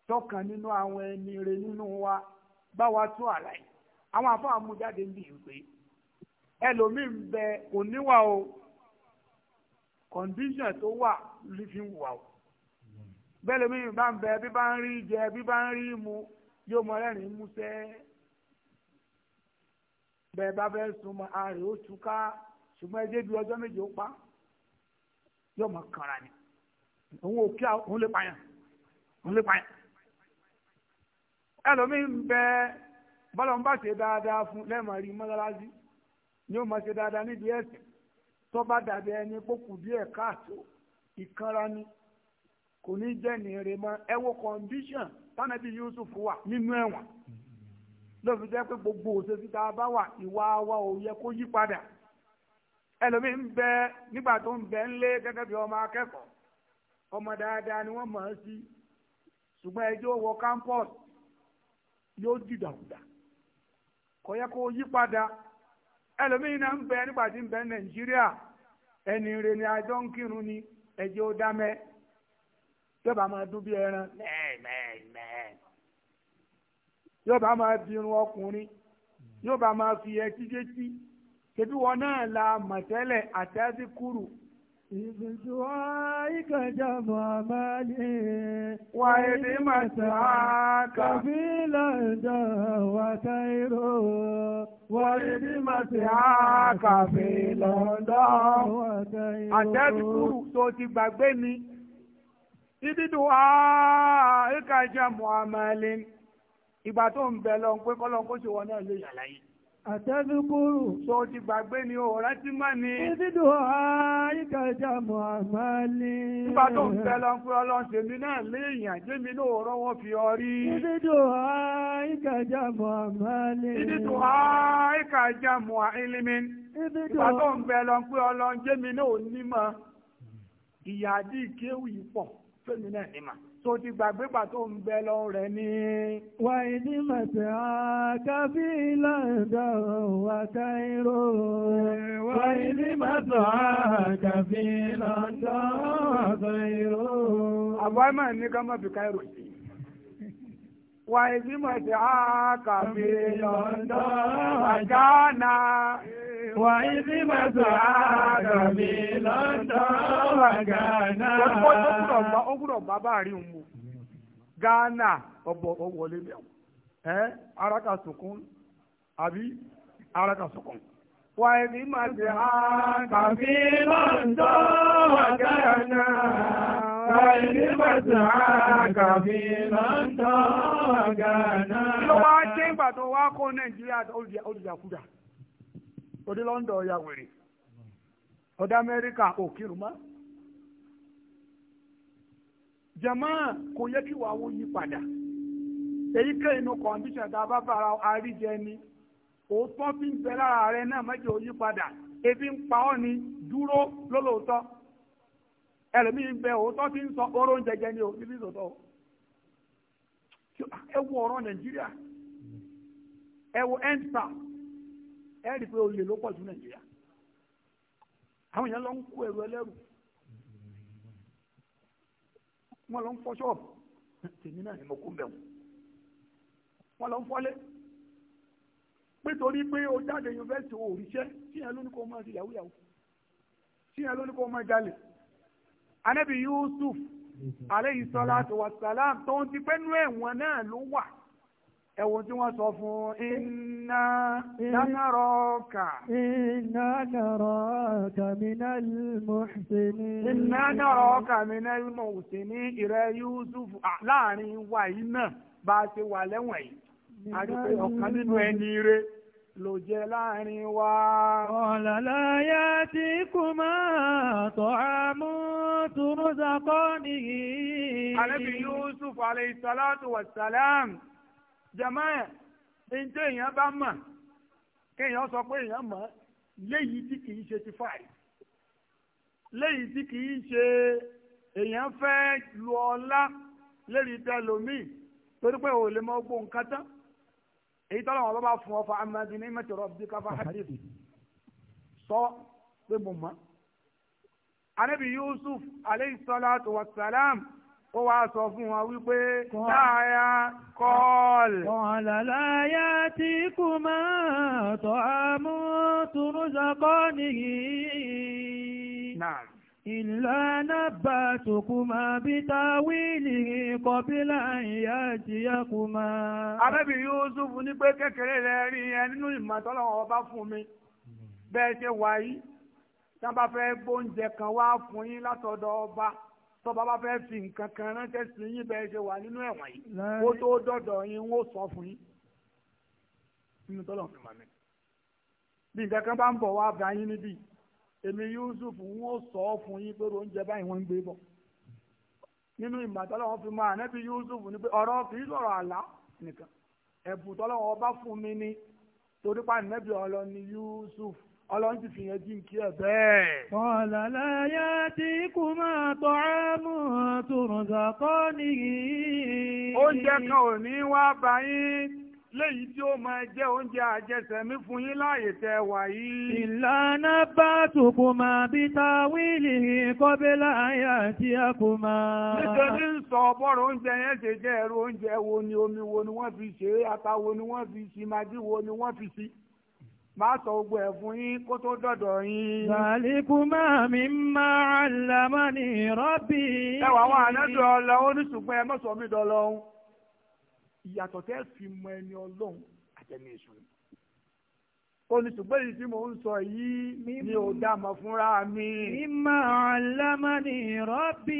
tọkàn nínú àwọn ẹni rẹ nínú wa bá tún àlàyé àwọn àfáà mú jáde ń bì í pé ẹlòmíì ń bẹ kò níwà o kọ̀ǹdíṣàn tó wà ló wà o bẹ́ẹ̀ bá ń bẹ bí bá ń rí jẹ bí bá ń rí mu yóò mọ ẹlẹ́rìn músẹ́ bẹ́ẹ̀ bá fẹ́ súnmọ́ ààrẹ ó túká ṣùgbọ́n ẹjẹ́ bí ọjọ́ méje ó pa yóò mọ kànra ni òun ò kí òun lè pààyàn òun lè pààyàn ẹlòmíì bẹ. bọ́lá ń bá ṣe dáadáa fún lẹ́ẹ̀mọ̀ rí mọ́sálásí ni ó máa ṣe dáadáa níbi ẹ̀sìn tó bá dàbí ẹni pókù díẹ̀ káàtó ìkanra ni kò ní jẹ́ mọ́ tánàbí Yusuf wà nínú ẹ̀wọ̀n ló fi jẹ́ pé gbogbo òṣèṣì tá a bá wa ò yẹ kó yí padà ẹlòmíín ń bẹ nígbà tó ń bẹ ń lé gẹ́gẹ́ ọmọ akẹ́kọ̀ọ́ ọmọ dáadáa ni wọ́n mọ̀ ọ́n sí kò yẹ kó yí padà ẹlòmíín náà ń bẹ nígbà tí ń bẹ nàìjíríà ẹni rẹ ni àjọ ń kírun ni ẹjẹ ó dá mẹ yọba máa dún bí ẹran mẹẹmẹẹmẹ yọba máa fi irun ọkùnrin yọba máa fi ẹtí détí ṣebí wọn náà la mọ̀tẹ́lẹ̀ àtẹ́síkúrú بدعائك جمع مالي وإذ مسعاك في لندن وكيرو وإذ مسعاك في لندن وكيرو أتذكر صوتي بغبني بدعائك جمع مالي ìgbà tó ń bẹ lọ pé kọ́lọ́n kó ṣe wọn náà lè yàlàyé Àtẹ́lúkúrù. Sọ ti gbàgbé ni o, ọ̀rẹ́ tí máa ni. Ìdídò ààríkà ìjàmọ̀ àmàlì. Nígbà tó ń fẹ́ lọ ń fún ọlọ́run tèmi náà léèyàn, jẹ́mi náà rọ́wọ́ fi ọ rí. Ìdídò ààríkà ìjàmọ̀ àmàlì. Ìdídò ààríkà ìjàmọ̀ àìlímí. Nígbà tó ń fẹ́ lọ fún ọlọ́run jẹ́mi náà onímọ̀. Ìyàdí ìkéwì pọ̀ fẹ́mi náà nímọ̀ tó ti gbàgbé gbà tó ń bẹ lọ rẹ ní. wà ní màtí àkàbí lọ́dọ̀ wà káírò. wà ní màtí àkàbí lọ́dọ̀ wà káírò. àbọ̀ ẹ̀ máa ní ká má fi káírò sí. wà ní màtí àkàbí lọ́dọ̀ wà káánà. wà ìdí màtò àgàmì Ghana. rí òun mọ̀ Ghana ọ̀bọ̀ ọ̀wọ̀lé mẹ́wọ̀ àbí wà ìdí Ghana. wà ìdí Ghana. ìgbà tó wá kó Nàìjíríà òde lọ́ńdọ̀ ọ̀yà wèrè ọ̀dà amẹ́ríkà okiruma mọ́ kò yẹ kí wàá wó padà èyíkéyìí inú kọ̀ǹdíṣàn tá a bá bára àríjẹ ni òótọ́ fi ń bẹ lára rẹ náà padà ebi ń pa ọ́ ni dúró lólóòótọ́ ẹlòmíì ń bẹ òótọ́ fi ń sọ jẹjẹ ẹ rí i pé olè ló pọ̀ jù nàìjíríà àwọn èèyàn lọ ń kó ẹrù ẹlẹ́rù wọ́n lọ ń fọ́ ṣọ́ọ̀bù tèmi náà ni mo kú bẹ̀rù wọ́n lọ ń fọ́lé nítorí pé o jáde yunifásitì o òrìṣẹ́ tí yẹn ló ní kó máa di yàwúyàwó tí yẹn ló ní kó máa jalè anabi yusuf aleyhi salatu wa salam tó ń ti pẹ́ nú ẹ̀wọ̀n náà ló wà ẹ̀wọ̀n tí wọ́n sọ fún iná nánàrọ́ọ̀kà. iná nánàrọ́ọ̀kà minal muhsini. iná nánàrọ́ọ̀kà minal muhsini ìrẹ́ Yusuf láàrin wa yìí náà bá a ṣe wà lẹ́wọ̀n yìí. a rí pé ọ̀kan nínú ẹni rẹ̀ ló jẹ́ láàrin wa. ọ̀làlá yá tí kò máa tọ́ àmú túnú sakọ́ nìyí. alẹ́bí Yusuf alayhi salatu wa salam jẹ̀máyà ní tí èèyàn bá mọ̀ kéèyàn sọ pé èèyàn mọ̀ léyìí tí kìí ṣe ti fàì léyìí tí kìí ṣe èèyàn fẹ́ lu ọlá lérí tẹlómìn torí pé ò lè mọ gbó nǹkan tán èyí tọ́lọ́ wọn bá bá fún ọ fa amadi ní mẹ́tẹ̀rọ bí káfá hadith sọ pé mo mọ̀ anabi Yusuf aleyhi salatu wa salam ó wá sọ fún wọn wípé láàyà kọ́ọ̀lù. kọ́ọ̀lù láyà tí kò máa tọ́ àmú túnúzàkọ́ nìyí. إلا نبأتكما بتاويله قبل أن يأتيكما. Ànábì Yúsúfù ní pé kékeré lẹ rí yẹn nínú ìmọ̀ tọ́lọ́wọ́ bá fún mi. Bẹ́ẹ̀ ṣe wà yìí, tí wọ́n bá fẹ́ gbóúnjẹ kan wá fún yín látọ̀dọ̀ ọba tọ́ba bá fẹ́ fi nǹkan kan ránṣẹ́ sí yín bẹ́ẹ̀ ṣe wà nínú ẹ̀wọ̀n yìí kó tó dọ̀dọ̀ yín wọ́n sọ fún yín nínú tọ́lọ̀ fún màmí. bí nǹkan kan bá ń bọ̀ wá bá yín níbí èmi Yusuf wọ́n sọ fún yín pé oúnjẹ báyìí wọ́n ń gbé bọ̀ nínú ìmọ̀tọ́lọ̀ wọn fi mọ ànábì Yusuf ni pé ọ̀rọ̀ kì í sọ̀rọ̀ àlá nìkan ẹ̀bùn wọn bá fún mi ní torípa ànábì ọlọ́ni Yusuf ọlọ́run ti fìyàn jí kí ẹ bẹ́ẹ̀. qala la yatikuma ta'amun turzaqanihi. oúnjẹ kan ò ní wá bá yín léyìí tí ó máa jẹ́ oúnjẹ àjẹsẹ̀mí fún yín láàyè tẹ wà yìí. ìlànà bá tòkó máa bí táwílì kọ́bílà ayé àti àkómà. nítorí ń sọ bọ́rọ̀ oúnjẹ yẹn ṣe jẹ́ ẹ̀rọ oúnjẹ wo ni omi wo ni wọ́n fi ṣe é ata wo ni wọ́n fi ṣe magí wo ni wọ́n fi ṣe máa sọ gbogbo ẹ̀ fún yín kó tó dọ̀dọ̀ yín. Zàlíkúmá mi máa àlàmọ́ ní rọ́bì. Ẹwà wọn ànájú ọlọ́run ní ẹ mọ̀sọ̀ mi dọ̀lọ́run. Ìyàtọ̀ tẹ́ fi mọ ẹni ọlọ́run àtẹni ìṣòro ó ní ṣùgbọ́n èyí tí mò ń sọ yìí ni ò dámọ̀ fúnra mi. mímọ̀ ọ̀lẹ́mọ̀nì rọ́bì.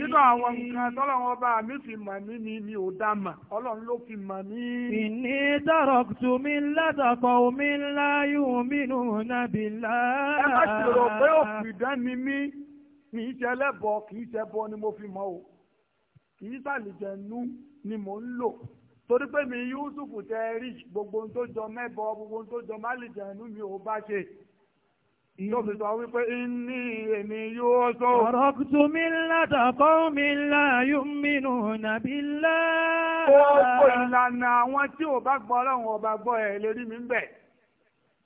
nínú àwọn nǹkan tọ́lọ́wọ́n bá mi fi mọ̀ mí ni mi ò dámọ̀ ọlọ́run ló fi mọ̀ mí. ìní dọ̀rọ̀kùtù mi látọ̀pọ̀ omi ńlá yóò mínú nàbì lá. ẹ má sì pé òpìdán ni mí kì í ṣe ẹlẹ́bọ kì í ṣe ẹbọ ni mo fi mọ̀ o kì í ṣàlìjẹ̀nu ni mò ń lò torí pé mi Yusuf tẹ rí gbogbo ohun tó jọ mẹ́bọ gbogbo ohun tó jọ málìjà inú mi ò bá ṣe yóò fi sọ wípé ní èmi yóò sọ. ọ̀rọ̀ kutu mi látà mi láàyò mínú nàbílá. gbogbo ìlànà àwọn tí ò bá gbọ́ ọlọ́run ọba gbọ́ ẹ̀ lè mi ń bẹ̀.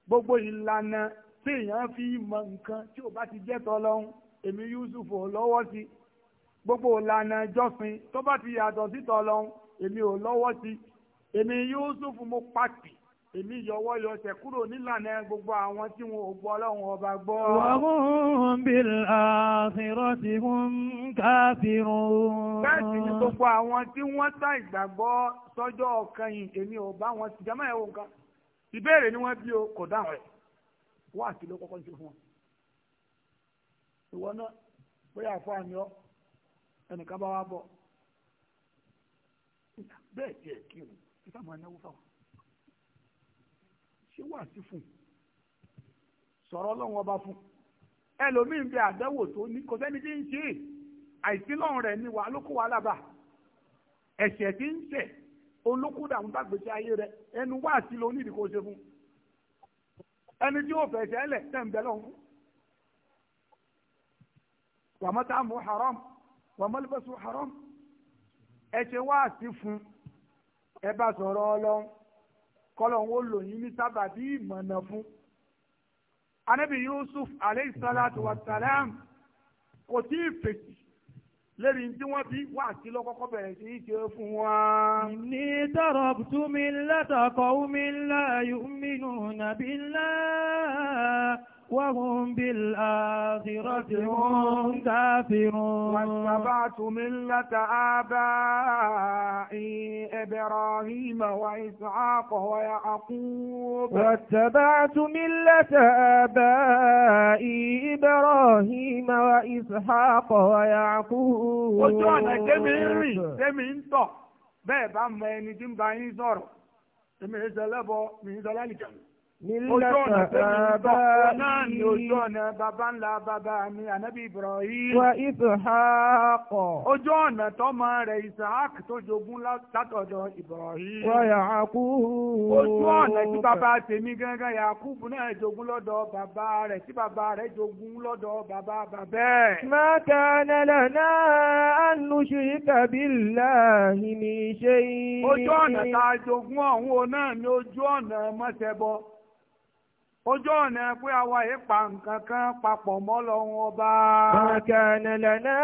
gbogbo ìlànà tí èèyàn fi mọ nǹkan tí ò bá ti jẹ́ tọ́lọ́run èmi Yusuf ò lọ́wọ́ sí. gbogbo ìlànà ìjọsìn tó bá ti yàtọ̀ sí tọ́lọ́run èmi ò lọ́wọ́ sí èmi Yusuf mo pàtì èmi yọwọ́ yọsẹ̀ kúrò nílànà gbogbo àwọn tí wọn ò gbọ́ ọlọ́run ọba gbọ́. wọ́n bil akhirati hum kafirun. bẹ́ẹ̀ sì ni gbogbo àwọn tí wọ́n sá ìgbàgbọ́ sọ́jọ́ ọ̀kan yìí èmi ò bá wọn ti jẹ́mọ́ ẹ̀wọ̀n kan ìbéèrè ni wọ́n bí o kò dáhùn ẹ̀ wọ́n àti ló kọ́kọ́ ń ṣe fún wọn. ìwọ náà bóyá àfọ àmì ọ ẹnìkan bá wá bọ̀ bẹ́ẹ̀ tiẹ̀ kírun títà máa náwó fáwọn ṣé wà sí fún sọ̀rọ̀ ọlọ́run ọba fún ẹlòmíín bí àdánwò tó ní kò sẹ́ni tí ń ṣe àìsílọ́run rẹ̀ ni wàá ló kó wa lábàá ẹ̀ṣẹ̀ tí ń ṣẹ̀ olókùdà ń bá gbèsè ayé rẹ̀ ẹnu wá sí lo onídìí kò ṣe fún ẹni tí yóò fẹ̀ṣẹ̀ ẹlẹ̀ tẹ̀ ń bẹ wàmọ́tàmù haram wàmọ́lẹ́bẹ̀sù haram ẹ̀ṣẹ̀ wá sí fún un ẹ bá sọ̀rọ̀ ọlọ́run kọ́lọ́n ó lò yín ní sábàbí ìmọ̀nà fún. anábì yusuf aleyhi salatu wa salam kò tí ì fèsì lẹ́rìí tí wọ́n fi wá sí lọ́kọ́kọ́ bẹ̀rẹ̀ sí í ṣe fún wa. ní tọrọ túnmí látọkọ omi ńlá yóò mìíràn nàbí ńlá. وهم بالآخرة هم كافرون واتبعت ملة آبائي إبراهيم وإسحاق ويعقوب واتبعت ملة آبائي إبراهيم وإسحاق ويعقوب ojú ọ̀nà tẹ́mi ń rìn tẹ́mi ń tọ̀ bẹ́ẹ̀ bá mọ ẹni tí ń ojú ọ̀nà bàbá náà ni ojú ọ̀nà bàbá ńlá bàbá mi ànábì Ibrahim. wa Ishaq. ojú ọ̀nà tọ́mọ rẹ̀ Ishaq tó jogún látọ̀dọ̀ Ibrahim. wa Yaqub. ojú ọ̀nà tí bàbá tèmi gángan Yaqub náà jogún lọ́dọ̀ bàbá rẹ̀ tí bàbá rẹ̀ jogún lọ́dọ̀ bàbá bàbẹ́. ma kana lana an nushrika billahi min shay. ojú ọ̀nà tá a jogún ọ̀hún náà ni ojú ọ̀nà mọ́sẹ̀bọ ojú ọ̀nà pé àwa ìpa nǹkan kan papọ̀ mọ́ lọ́wọ́ ọba. Àkànà lànà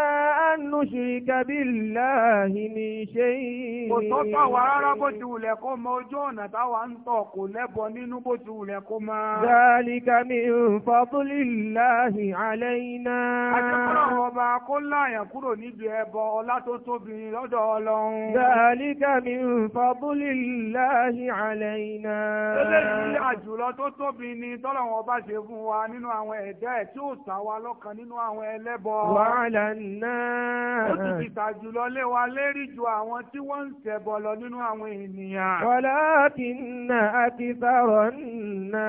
àánú ṣìríkà billahi ní ṣe yìí. Kò tọ́tọ̀ wá rárá bó ti wùlẹ̀ kó mọ ojú ọ̀nà táwa ń tọ̀ kò lẹ́bọ nínú bó ti wùlẹ̀ kó mọ. Zalika min fadlillahi alayna. Àjẹkúrò ọba kó láyàn kúrò níbi ẹbọ ọlá tó tóbi lọ́dọ̀ Ọlọ́run. Zalika min fadlillahi alayna. Eléyìí àjùlọ tó tóbi ni ni tọ́lọ̀wọ̀n bá ṣe fún wa nínú àwọn ẹ̀dá ẹ̀ tí ó sà wa lọ́kàn nínú àwọn ẹlẹ́bọ. wàhálà náà. ó ti fi tàjù lọ lé wa lérí ju àwọn tí wọ́n ń ṣẹbọ lọ nínú àwọn ènìyàn. wàlá ti nà àti sàrọ̀ nà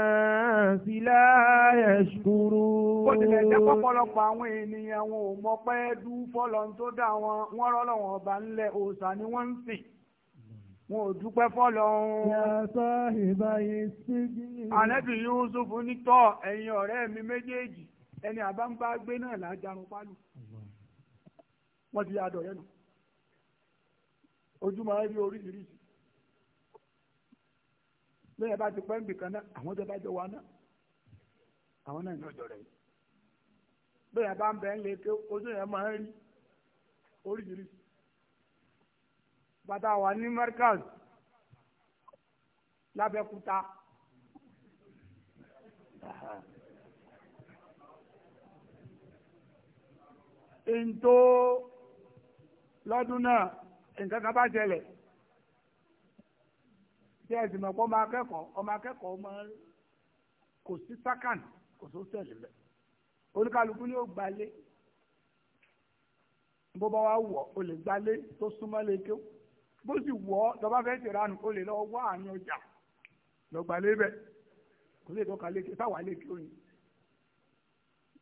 sí láyà ṣùkúrú. ó tilẹ̀ jẹ́ pọ̀pọ̀lọpọ̀ àwọn ènìyàn wọn ò mọ̀ pé dúfọ́ tó dá wọn wọ́n rọ́ ọba ńlẹ̀ òòṣà ni wọ́n ń sìn wọn ò dúpẹ́ fọ́lọ́run. yàtọ̀ ìbáyé sígi. ànábì Yusuf nítọ́ ẹ̀yin ọ̀rẹ́ mi méjèèjì ẹni àbámbá gbé náà lájàrún pálù wọ́n ti yàdọ̀ yẹn nù ojú máa rí oríṣiríṣi lẹ́yìn bá ti pẹ́ ń bì kan náà àwọn tó bá jọ wá náà àwọn náà ní ọjọ́ rẹ̀ bẹ́ẹ̀ bá ń bẹ̀ ń leke ojú yẹn máa ń rí oríṣiríṣi bàtà wà ní Markaz lábẹ́kúta ntó lọ́dún náà nǹkan kan bá ṣẹlẹ̀ tí ẹ sì mọ̀ pé ọmọ akẹ́kọ̀ọ́ ọmọ akẹ́kọ̀ọ́ máa kò sí sákàn kò tó sẹ̀lẹ̀ lẹ̀ oníkálukú ni ó gbalé bó bá wà wọ̀ o lè gbalé tó súnmọ́ lè kéwòn bó sì wọ́ lọ́ba fẹ́ ṣe ránu ó lè lọ wá àárín ọjà lọ́gbà lébẹ̀ kò lè tọ́ka lékè táwa lékè òní.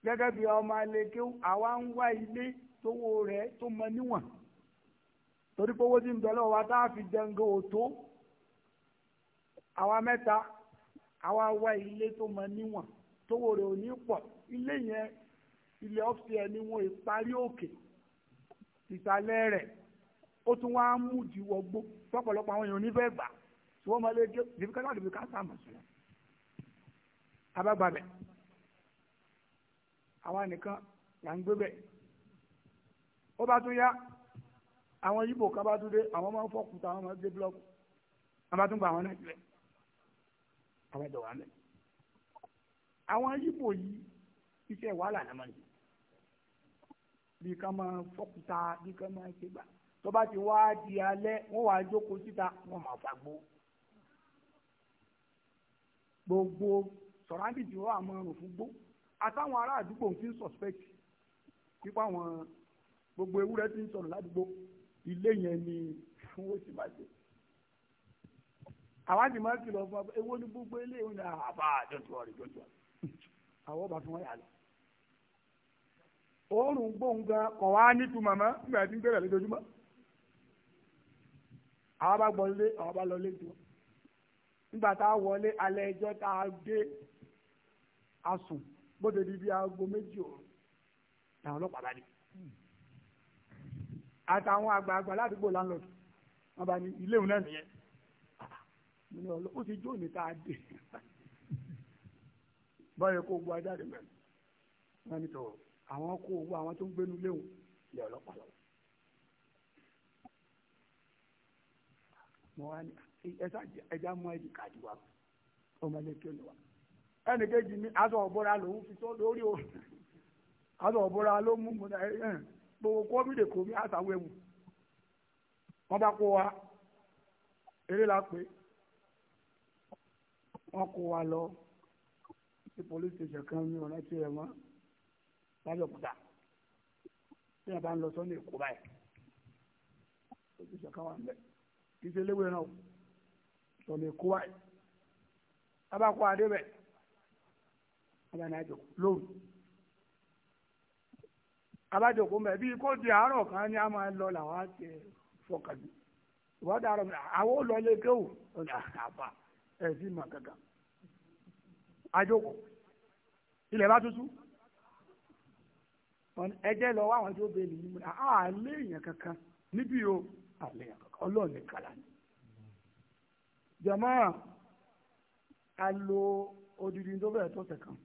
gẹ́gẹ́ bí ọmọ lékè àwa ń wá ilé tówó rẹ̀ tó mọ níwọ̀n torí pé tí ń dọ́lọ́ wa tá a fi dẹ́ngẹ́ òtó àwa mẹ́ta àwa wá ilé tó mọ níwọ̀n tówó rẹ̀ ò ní pọ̀ ilé yẹn ilé ọ́fíìsì ẹni wọn ìparí òkè ìsàlẹ̀ rẹ̀ ó tún wá mú ìdíwọ́ gbó pọ̀pọ̀lọpọ̀ àwọn èèyàn onífẹ́ gbà tí wọ́n máa lé gé dèbíkà náà dèbíkà sáàmù sílẹ̀ abágbàbẹ̀ àwa nìkan là ń gbé bẹ̀ ó bá tún yá àwọn yíbò kan bá tún dé àwọn máa ń fọkùtà àwọn máa ń dé búlọ́ọ̀kù àwọn bá tún gba àwọn náà sílẹ̀ àwọn ẹ̀dọ̀ wà mẹ́ àwọn yíbò yìí iṣẹ́ wàhálà náà máa ń bí ká máa fọkùtà bí ká máa ṣe gbà tó bá ti wá di alẹ́ wọ́n wá jókòó síta wọ́n máa fagbó gbogbo sọ̀rọ̀ǹdì tí wọ́n àmọ́ ọ̀rùn fún gbó àtàwọn ará àdúgbò ti ń suspect nípa àwọn gbogbo ewúrẹ́ ti ń sọ̀rọ̀ ládùúgbò ilé yẹn ni owó ti máa ṣe àwọn àti máa kìlọ̀ fún ewu ní gbogbo ilé ìwé náà àbá àjọjọ rẹ jọjọ àwọn ọba fún wọn yà lọ òórùn gbóhùn gan kọ̀ wá nítumọ̀ mọ́ nígbà tí ń gbẹ̀rẹ̀ lójoojúmọ́ àwọn bá gbọ́n lé àwọn bá lọ lé tiwọn nígbà tá a wọlé alẹ́ ẹjọ́ tá a dé a sùn bóde di bí aago méjì ọ̀rọ̀ làwọn ọlọ́pàá bá dé àtàwọn àgbààgbà ládùúgbò láńlọ́ọ̀dù wọn bá ní ilé òun náà nìyẹn mo ní ọlọ́pàá ó ti jó òní tá a dé báyọ̀ kó gbọ́ ajáde mẹ́rin wọn ní tọ̀ àwọn kó owó àwọn tó ń gbénu léwu ní ọlọ́pàá lọ́wọ́ mo wá ní ẹsẹ ẹja mú ẹdì káàdì wa ọmọ ẹlẹkẹ ni wa ẹnì kejì mi aṣọ ọ̀bọ̀ra lòún fi sọ lórí o aṣọ ọ̀bọ̀ra ló mú mu náà ẹ gbogbo kọ́mídé kòmí àtàwọn ẹ̀wù wọ́n bá kó wa eré la pé wọ́n wa lọ sí police station kan ní ọ̀nà tí ẹ̀ wọ́n lábẹ́òkúta tí wọ́n bá ń lọ sọ́nà èkó báyìí police station kan wà ń kì í ṣe léwé náà lọ́lẹ̀ kó wáyé abakọ adébẹ̀ abanájọ lóru abájọkọ mẹ bí kò di àárọ̀ kan a máa lọ làwọn mi àwọn kéwù ah, àbá sì àjọkọ ilẹ̀ bá tutù lọ wá àwọn tí ó bẹ nìyí mu náà àlẹ́ kankan níbí àlẹ́ ọlọ́run ní kàlà ni. jamaa a lo odidi tó bẹ̀rẹ̀ tó tẹ̀ kan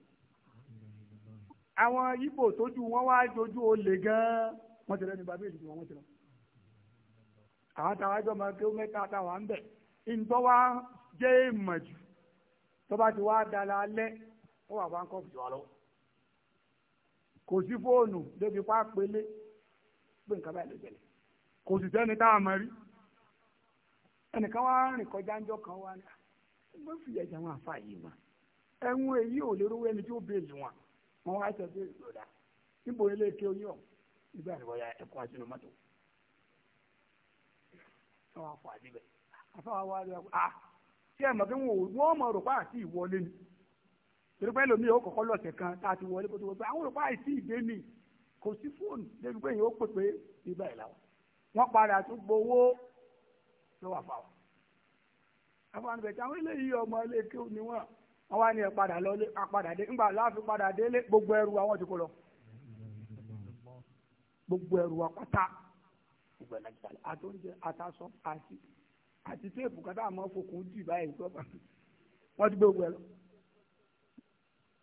àwọn ibo tójú wọn wá dojú olè gan-an wọ́n ti lẹ́nu bàbá èdè wọn wọ́n ti lọ. àwọn táwọn àjọ máa kéwọ́ mẹ́ta táwọn ń bẹ̀ ńtọ́ wá jẹ́ èèmọ̀ jù tó bá ti wá dára alẹ́ ó wà wọn kọ́ fi wà kò sí fóònù débi pa pélé pé nǹkan báyìí ló jẹlẹ̀ kò sì sẹ́ni tá a mọ̀ rí ẹnìkan wá rìn kọjá ńjọ kan wá ní wọ́n fi ẹ̀jẹ̀ wọn àfa yìí wọn ẹ̀wọ̀n èyí ò lérò ẹni tí ó bèèlì wọn wọn wá sọ pé ìrọ̀dà níbo ilé ike oyún ọ̀ nígbà tí wọ́n ya ẹ̀kọ́ àtinú mọ́tò wọ́n wá fọ àdébẹ̀ àfa wa wá rí tí ah, mọ̀ pé wọ́n mọ̀ rò pa àti ìwọlé ni torí pé ò kọ́kọ́ lọ́sẹ̀ kan tá a ti wọlé kó tó wọ́n pé àwọn rò pa àìsí ni kò sí fóònù ló wà fáwọn. afọwọ́nbẹ̀tẹ̀ àwọn eléyìí ọmọ ilé kéwù ni wọ́n padà apadà dé ńgbà láàfin padà gbogbo ẹrù àwọn ti gbogbo ẹrù wa gbogbo ẹ̀la jìbàlẹ̀ àtọ́njẹ àtàsọ àti àti téèpù kátà àmọ́ fòkùn báyìí tó wọ́n ti gbogbo ẹ̀ lọ.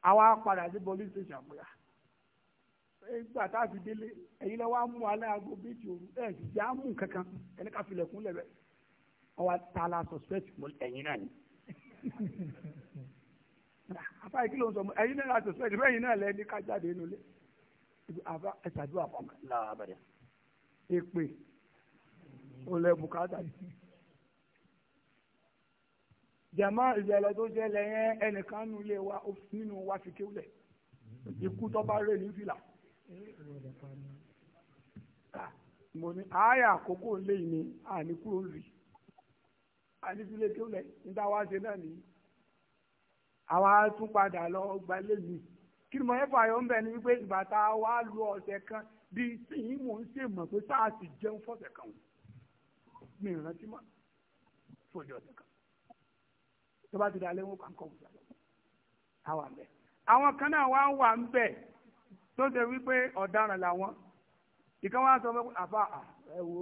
àwa padà sí police station a délé ẹ̀yin lọ́wọ́ á mú ọwọ́ tààlà suspect ẹ̀yin náà ni àfa ìkìlọ̀ ń sọ mọ́ ẹ̀yin náà suspect ẹ̀yin náà lẹ́ni ká jáde nínú ilé àfa ẹ̀sàdúrà fọmọ làbẹ̀rẹ̀ èpè olè bùkátà jama ìjẹlẹ tó jẹlẹ yẹn ẹnìkan nínú wa nínú wa fi kéwlẹ̀ ikú tó bá rè ní fìlà ah, mo ní àyà àkókò lẹ́yìn ni àníkúrò rí ànífilé tó lẹ̀ níta wá ṣe náà nìyí àwa tún padà lọ gba léyìí kí ni mo yẹ fà yọ ń bẹ ni wípé ìgbà tá a wá lu ọ̀sẹ̀ kan bí sìn mò ń ṣe mọ̀ pé sáà sì jẹun fọ̀sẹ̀ kan mi ìrántí mọ́ fòjì ọ̀sẹ̀ kan tó bá ti dalẹ́ wọn kàn kọ́ wùdà lọ àwa ń bẹ àwọn kan náà wá wà ń bẹ tó ṣe wípé ọ̀daràn làwọn ìkan wá sọ fún àbá ẹ wo.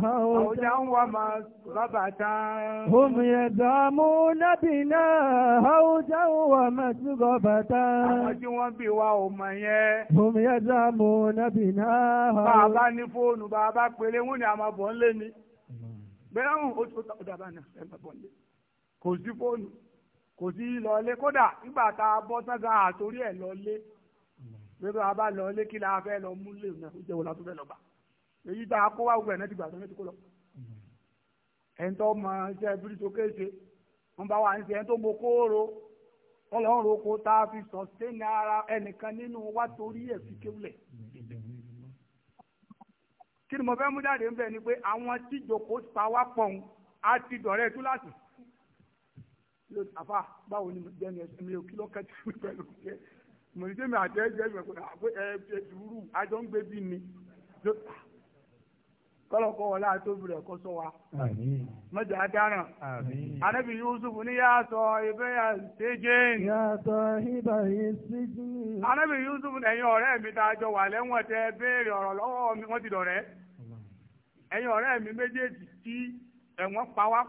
Àwùjá ń wà máa lábàtà. Omi ẹ̀dọ́ mú bàtà. Àwọn tí wọ́n bí wa ò mọ̀ yẹn. Omi ẹ̀dọ́ mú nábì náà. Bàbá ní fóònù, bàbá pèlè, wọ́n ní àmà bọ̀ ń lé ni. Bẹ́ẹ̀ ń o tó dàbà náà, ẹ máa bọ̀ ń lé. Kò sí fóònù, kò sí lọlé. Kódà nígbà tá a bọ́ sága àtórí ẹ̀ lọlé. Bí wọ́n bá kí la fẹ́ lọ mú lè náà, ó jẹ́ wọn látó fẹ́ lọ èyí tá a kó wá gbogbo ẹ̀ tó ní lọ. ẹni tó mọ iṣẹ́ bíríṣọ kéṣe wọn bá wà ní ṣe ẹni tó mọ kóóró ọlọ́run roko tá a fi sọ̀tẹ́ni ara ẹnìkan nínú wa torí ẹ̀ fi kéwulẹ̀. kí ni mo fẹ́ mú jáde ń bẹ̀ ni pé àwọn tíjòkó pa wá á ti dọ̀rẹ́ túláàsì ló àfa báwo ni jẹni ẹsẹ mi ò kí ló kẹtù pẹ̀lú kẹ mọ̀lẹ́dẹ́mi àti ẹ̀jẹ̀ mi ẹ̀ ẹ̀ ẹ̀ kọlọkọ wọlé àtòbí rẹ kó sọ wa mọjà dáràn anabi yusuf ní yàtọ̀ ibẹ yà yàtọ̀ ibà yà séjìn anabi yusuf ẹ̀yin ọ̀rẹ́ mi jọ wà tẹ béèrè mi wọ́n ti dọ̀rẹ́ mi méjèèjì tí pa wá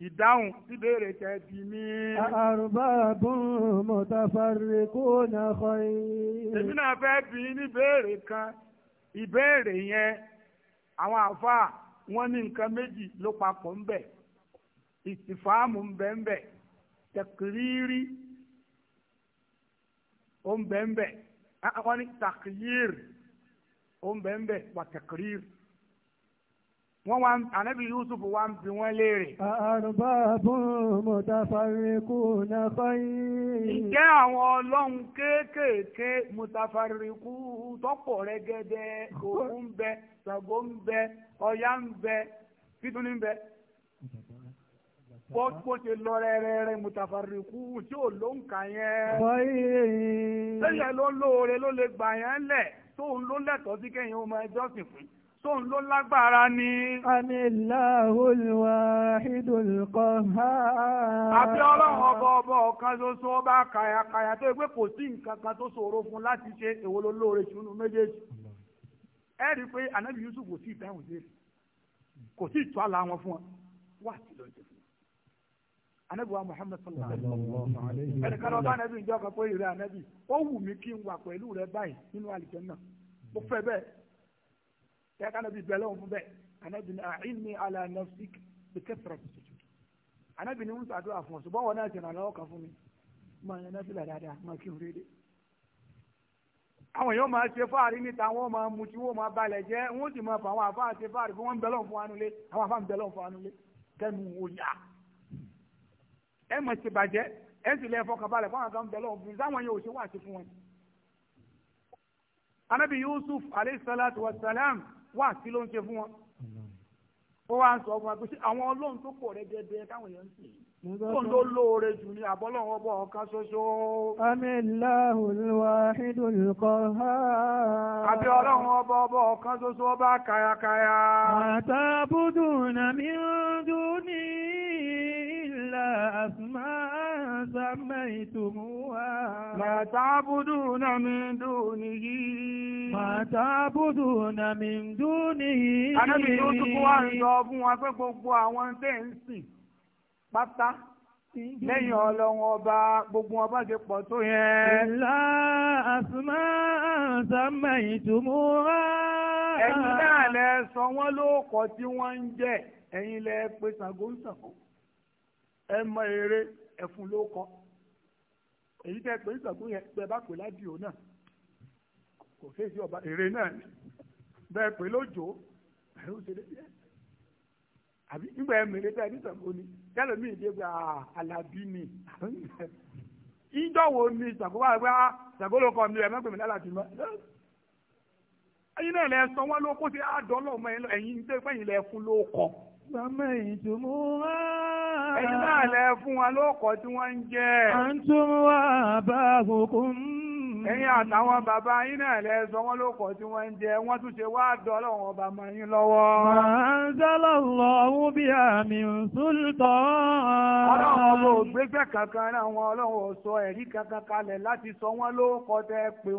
yìí ìdáhùn mí. èmi náà fẹ́ bí ní béèrè kan ìbéèrè yẹn àwọn àfáà wọ́n ní nǹkan méjì ló papọ̀ ń bẹ ìsìfàámù ń bẹ ń bẹ tẹkìrìírí ó ń bẹ ń bẹ wọ́n ní tàkìyír ó ń bẹ ń bẹ wà tẹkìrìírí wọ́n wá ànábì yusuf wá ń bi wọ́n léèrè. àrùbá mùtàfàríkù na fáyé. ǹjẹ́ àwọn ọlọ́run kéékèèké mùtàfàríkù tọ́pọ̀ rẹ́gẹ́dẹ́ òun ń bẹ ṣàgó ń bẹ ọ̀yá ń bẹ títún ní bẹ. bó ṣe lọ rẹ́rẹ́rẹ́ mùtàfàríkù tí ò ló ń kà yẹn. fáyé. lẹ́yìn ló lóore ló lè gbà yẹn lẹ̀ tóun ló lẹ́tọ̀ọ́ sí kẹ́yìn ọmọ ẹjọ́ sì fún. tóun ló lágbára ni. Anillahul wahidul qahhar. Àbí ọlọ́run ọba ọba ọ̀kan ṣoṣo bá kàyàkàyà tó kò sí nǹkan kan tó ṣòro fún láti ṣe èwo ló lóore ṣùnú méjèèjì. Ẹ rí i pé Ànábì Yusuf kò sí ìdáhùn léèrè. Kò sí ìtọ́ wọn n wà pẹ̀lú rẹ báyìí nínú náà. Mo yẹ ká nàbí bẹ̀rẹ̀ òun fún bẹ́ẹ̀ anabi ni àìní ala nafsik bí kẹsìrọ̀ tó tutù anabi ni musa àdúrà fún ọ ṣùgbọ́n ما náà jẹ̀nà lọ́wọ́ kan fún mi máa yẹn náà fìlà dáadáa máa kí n rí rí. àwọn èèyàn máa ṣe fáàrí níta wọn máa mutí wọn máa balẹ̀ jẹ́ wọn sì máa fà àwọn àfáà ṣe fáàrí fún wọn bẹ́lọ̀ fún anulé àwọn àfáà ń fún anulé kẹ́nu òyà. ẹ mọ̀ ṣe bàjẹ́ ẹ sì lẹ́ fọkànbalẹ̀ fún àwọn kan bẹ́lọ̀ fún mi sáwọn yẹn ò wá sí fún wọn. anabi yusuf alayhi salatu wa salam wá sí ló ń ṣe fún wọn ó wá ń sọ fún wa pé àwọn ọlọ́run tó pọ̀ rẹ́gẹ́dẹ́ táwọn èèyàn ń sìn kó ló lóore jù ní àbọ́lọ́wọ́ bọ̀ ọ̀kan ṣoṣo. amíláhùn wàhídùn kọ́ ha. àbí ọlọ́run ọba ọba ọ̀kan ṣoṣo ọba kàyàkàyà. àtàbùdùn nàmí ń إلا أسماء سميتموها ما تعبدون من دونه ما تعبدون من دونه Ànábì yóò tún kó wá ń lọ fún wa pé gbogbo àwọn tẹ́ ń sìn pátá lẹ́yìn ọlọ́run ọba gbogbo ọba ṣe pọ̀ tó yẹn. ìlà àsùnmọ́ àǹsàmọ́ ìtumọ̀ wá. ẹ̀yin náà lẹ sọ wọ́n lóòkọ̀ tí wọ́n ń jẹ́ ẹ̀yin lẹ pe Ṣàngó ń ẹ mọ eré ẹfun ló kọ èyí tẹ pé ìgbàgbọ́ yẹn pé bá pè ládìó náà kò sí èsì ọba eré náà ni bẹ́ẹ̀ pé lójó ẹ̀rọ òṣèlú yẹn àbí nígbà ẹ̀ mèrè bẹ́ẹ̀ nítàgbọ́ ni yálẹ̀ mí ìdè gba alábí ni ìjọ wo ni ìsàkó wà pé ìsàkó ló kọ mi ẹ mẹgbẹmí lálàtì mọ ẹyin náà lẹ sọ wọn ló kó sí àdọlọ ọmọ ẹyin lọ ẹyin tẹ fẹyìn lẹ fún ló kọ Sọ́mọ́ ìtumú wá. Ẹ̀yin náà lẹ fún wa lóòkọ̀ tí wọ́n ń jẹ́. À ń tún wá bá àkókò mú ẹ̀yin àtàwọn bàbá yín náà lẹ sọ wọ́n ló kọ̀ tí wọ́n ń jẹ wọ́n tún ṣe wá dọ́lọ̀ wọn bá mọ yín lọ́wọ́. ọlọ́run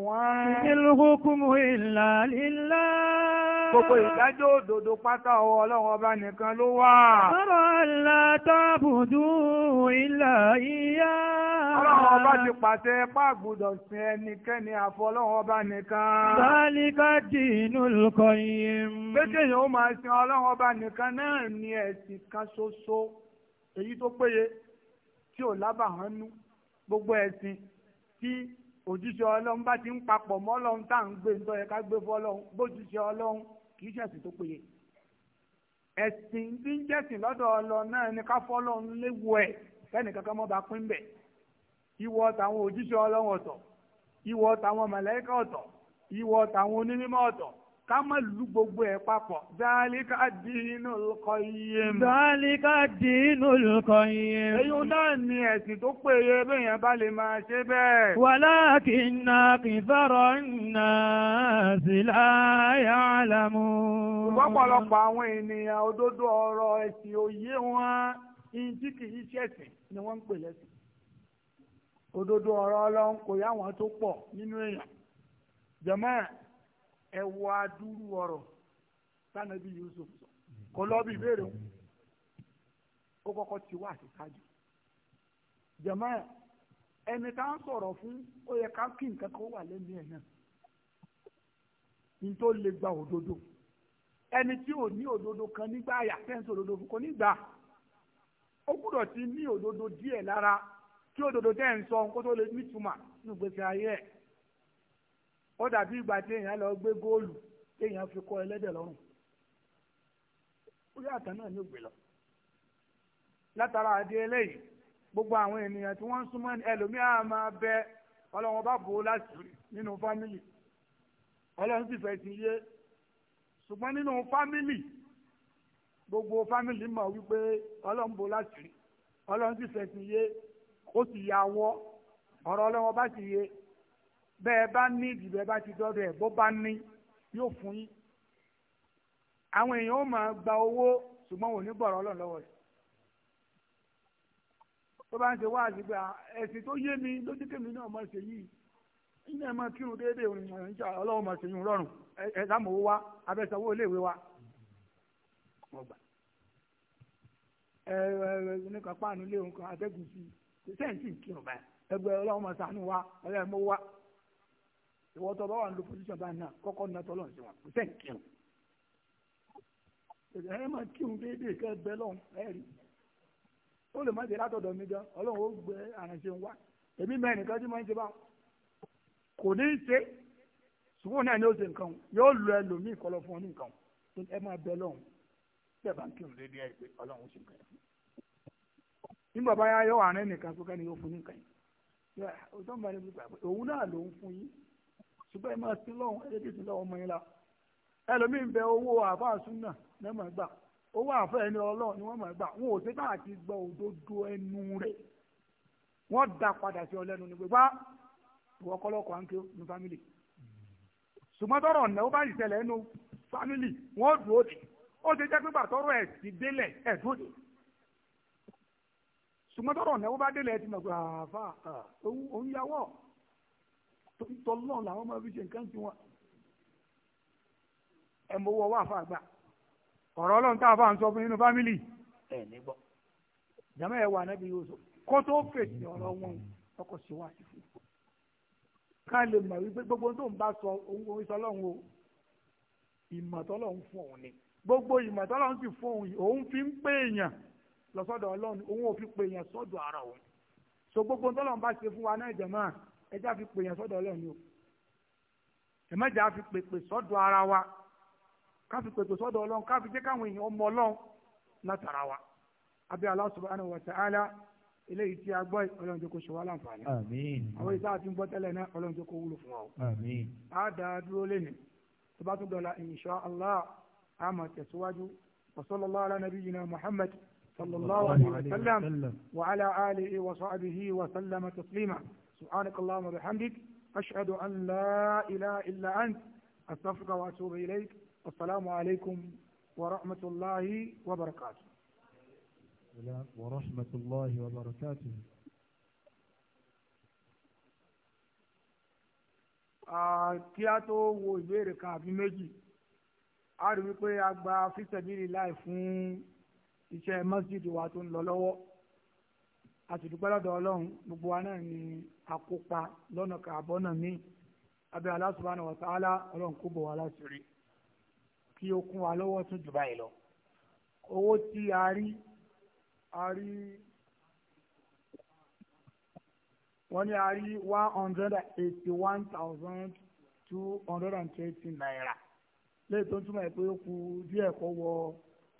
ọba ilhukumu illa lillah. gbogbo ìdájọ́ òdodo pátá ti pàṣẹ pàgbùdọ̀ sin ẹni ẹnikẹ́ni àfọlọ́wọ́ bá nìkan. Sálíkà dínú lùkọ́ yìí. Pété yẹn ó máa sin ọlọ́wọ́ bá nìkan náà ní ẹ̀sìn kan ṣoṣo èyí tó péye tí ò lábàhán nú gbogbo ẹ̀sìn tí òjíṣẹ́ ọlọ́run bá ti ń papọ̀ mọ́ ọlọ́run tá à ń gbé ń tọ́yẹ ká gbé fọlọ́run bójúṣe ọlọ́run kì í ṣẹ̀sìn tó péye. ẹ̀sìn tí ń jẹ́sìn lọ́dọ̀ ọlọ́run náà ni ká fọlọ́run léwu ẹ̀ kẹ́nìkan mọ́ bá pín bẹ̀ ìwọ táwọn òjíṣẹ́ ọlọ́run ọ̀tọ̀ ìwọ táwọn màláíkà ọ̀tọ̀ ìwọ táwọn onímọ̀ ọ̀tọ̀ ká má lu gbogbo ẹ̀ papọ̀. Dhalika dinul qayyim. Dhalika dinul qayyim. Èyí náà ni ẹ̀sìn tó péye bẹ́yẹn bá lè máa ṣe bẹ́ẹ̀. Walakinna aktharannasi la ya'lamun. Ìpọ́pọ̀lọpọ̀ àwọn ènìyàn òdodo ọ̀rọ̀ ẹ̀sìn òye wọn, ìyìn tí kì í ṣẹ̀sìn ni wọ́n ń pè lẹ́sìn. òdodo ọ̀rọ̀ ọlọ́run kò yá tó pọ̀ nínú èèyàn jẹ̀mọ́ ẹ wọ adúrú ọ̀rọ̀ sanabi Yusuf sọ kò lọ bí ìbéèrè ó kọ́kọ́ ti wá àtìkájù ẹni ń fún ó yẹ ká kí nǹkan kan wà lẹ́nu ẹ̀ náà ní lè gba òdodo kan nígbà òdodo fún kò ní gbà ó gbúdọ̀ ti ní kí òdodo tẹ́ ń sọ kó tó lè nítumọ̀ nínú gbèsè ayé ẹ̀ ó dàbí ìgbà tí èèyàn lọ gbé góòlù tí èèyàn fi kọ́ ẹlẹ́dẹ̀ lọ́rùn ó yàtọ̀ náà ní ògbè lọ látara àdé eléyìí gbogbo àwọn ènìyàn tí wọ́n ń súnmọ́ ẹlòmíà máa bẹ ọlọ́run bá bò ó láti nínú fámìlì ọlọ́run sì fẹ́ sí yé ṣùgbọ́n nínú fámìlì gbogbo fámìlì mọ̀ wípé ọlọ́run bò láti ọlọ́run sì fẹ́ sí yé ó si yà wọ ọrọ ọlọ́wọ́ bá siye yé bẹ́ẹ̀ bá ní ìdìbẹ́ bá ti dọ́dọ̀ ẹ bó bá ní yóò fún yín àwọn èèyàn ó máa gba owó ṣùgbọ́n wò ní bọ̀rọ̀ ọlọ́run tó bá ń ṣe mi lójú náà ṣe yìí nínú máa kírun déédéé ìjà ṣe yún rọrùn wa iléèwé wa sẹ́ǹtì kí ọba ẹgbẹ́ ọlọ́run máa sànú wa ọlọ́run mọ́ wa ìwọ tó bá wà ní pòsíṣàn báyìí náà kọ́kọ́ ní ọtọ́ lọ́run wọn kò sẹ́ǹtì kí wọn. ẹ máa kí wọn déédéé kẹ́ bẹ́ lọ́hùn ẹ ó lè má ṣe látọ̀dọ̀ mi gan ọlọ́run ó gbé àránṣẹ́ wa èmi mẹ́rin kan tí mo ń ṣe báwọn kò ní í ṣe ṣùgbọ́n náà ni ó ṣe nǹkan yóò lo ẹlòmíì kọlọ fún ọ ní nǹkan ẹ máa bẹ lọ́hùn bẹ́ẹ̀ bá ń kírun déédéé ẹ pé ọlọ́run ó ṣe nǹkan ẹ̀ fún nígbà báyà yọ àárẹ̀ nìkan tó kẹ́ni yóò fún yín kàn yín ọjọ́ ń bá yẹn gbígbà pé òun náà ló ń fún yín ṣùgbọ́n ẹ máa sin lọ́wọ́ ẹ tètè sin lọ́wọ́ ọmọ yín la ẹlòmíì ń bẹ owó àáfàá súnà ní ọmọ ẹgbà owó àáfàá ẹni ọlọ́ọ̀ ni wọ́n mọ̀ ẹgbà wọn ò sí káàkiri gbọ́ òdodo ẹnu rẹ̀ wọ́n dá padà sí ọlẹ́nu ní pé bá ìwọ kọ́lọ́kọ́ à ń ké ní fámìlì ṣùgbọ́n tọrọ ọ̀nà ó bá ìṣẹ̀lẹ̀ ẹnu fámìlì wọ́n dúró dé ó ti jẹ́ pé gbàtọ́rọ̀ ẹ̀ ti délẹ̀ ẹ̀ dúró ṣùgbọ́n tọrọ ọ̀nà wọn bá délẹ̀ ti mọ̀ pé àáfà òun yàwọ̀ torí tọ́lọ́ làwọn máa fi ṣe nǹkan ti wọn ẹ mọ owó ọwọ́ àfa àgbà ọ̀rọ̀ ọlọ́run tá a fà ń sọ fún nínú fámìlì ẹ̀ nígbọ́ jàmẹ́ ẹ̀ wà nẹ́bí yóò sọ kó fèsì ọ̀rọ̀ wọn ọkọ̀ sí wa ti fún un ká lè mọ̀ wípé gbogbo tó ń bá sọ owó ìsọlọ́run o ìmọ̀tọ́lọ́run fún òun ni gbogbo ìmọ̀tọ́lọ́run sì fún òun fi ń pè èèyàn lọ́sọ́dọ̀ ọlọ́run òun ò fi pè yẹn sọ́dọ̀ ara òun so gbogbo ntọ́lọ́run bá ṣe fún wa náà ìjẹ̀mọ́ ẹjá fi pè yẹn sọ́dọ̀ ọlọ́run o fi ara wa ká fi pèpè sọ́dọ̀ ọlọ́run ká fi jẹ́ káwọn èèyàn látara wa abẹ́ eléyìí tí a gbọ́ ọlọ́run jẹ́ kó ṣe wá láǹfààní àwọn ìta àti gbọ́ tẹ́lẹ̀ náà ọlọ́run jẹ́ kó wúlò o dúró lẹ́nu tó bá tún dọ̀la Allah a máa tẹ̀síwájú wa صلى الله عليه وسلم وعلى آله وصحبه وسلم تسليما سبحانك اللهم وبحمدك أشهد أن لا إله إلا أنت أستغفرك وأتوب إليك السلام عليكم ورحمة الله وبركاته ورحمة الله وبركاته آه، kí a tó wo ìbéèrè kan àbí méjì a rí wípé a gba láì fún iṣẹ́ masjidi wa tó ń lọ lọ́wọ́ àtìdúpẹ́ lọ́dọ̀ ọlọ́run gbogbo wa náà ni àkópa lọ́nà kààbọ̀ náà ní abẹ́ Allah subhanahu wa ta'ala ọlọ́run kó bọ̀ wá láṣìírí kí ó kún wa lọ́wọ́ tún jù báyìí lọ. owó tí a rí a rí wọ́n ní a rí one hundred eighty one thousand two hundred and twenty naira lẹ́yìn tó ń túmọ̀ ẹ̀ pé ó kù díẹ̀ kó wọ.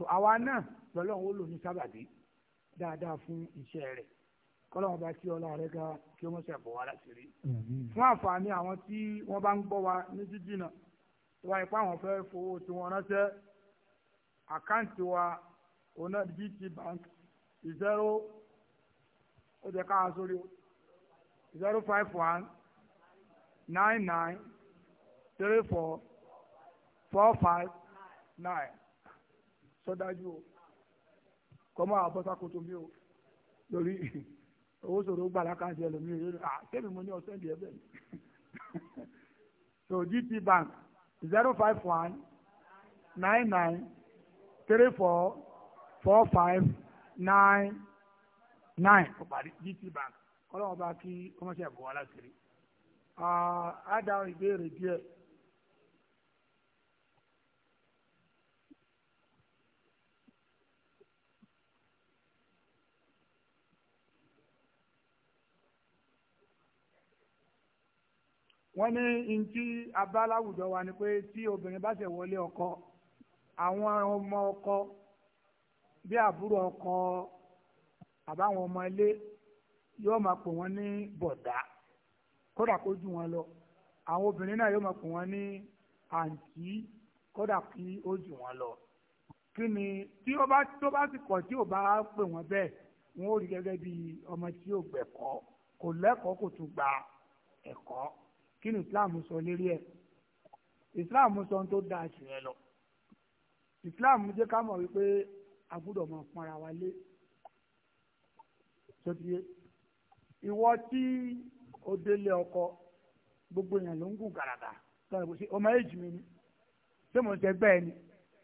tó àwa náà lọ́lọ́run ó lò ní sábàbí dáadáa fún iṣẹ́ rẹ̀ kọ́lọ́wọ́n bá kí ọlá rẹ̀ ga kí wọ́n ṣe bọ̀ wá láti rí. fún àǹfààní àwọn tí wọ́n bá ń gbọ́ wa ní jíjìnà tó wáyé pé àwọn fẹ́ fowó tí wọ́n ránṣẹ́ àkáǹtì wa ọ̀nà gt bank zero ó jẹ́ ká sórí zero five one nine nine three four four five nine sọ́dájú o kọ́ máa bọ́sákòtò mi o lórí owó sòrò gbàlákàtì ẹlòmíì yóò rà tẹ́mi mo ní ọ̀sẹ̀ ìdíyẹ bẹ́ẹ̀ so GT Bank zero five one nine nine three four four five nine nine ó parí GT Bank kọ́lọ́wọ́n bá kí ọmọọṣẹ́ ẹ̀bùn wa láti rí. a ah, dá ìbéèrè díẹ̀. wọ́n ní ntí abá láwùjọ wa ni pé tí obìnrin bá ṣe wọlé ọkọ àwọn ọmọ ọkọ bí àbúrò ọkọ àbáwọn ọmọ ilé yóò máa pè wọ́n ní bọ̀dá kódà kó jù wọ́n lọ àwọn obìnrin náà yóò máa pè wọ́n ní àǹtí kódà kí ó jù wọ́n lọ kí ni tí ó bá tó bá ti kọ̀ tí ò bá pè wọ́n bẹ́ẹ̀ wọ́n ó rí gẹ́gẹ́ bí ọmọ tí ò gbẹ̀kọ́ kò lẹ́kọ̀ọ́ kò tún gba ẹ̀kọ́ kí ni islam sọ lérí ẹ̀ islam sọ tó dáa jù ẹ lọ islam jẹ́ ká mọ̀ wípé a gbọ́dọ̀ mọ̀ pọnra wa lé sotie ìwọ tí o délé ọkọ gbogbo yẹn ló ń gùn gàràgà sọ̀rọ̀ kò ọmọ èjì mi ni ṣé mo ń tẹgbẹ́ ni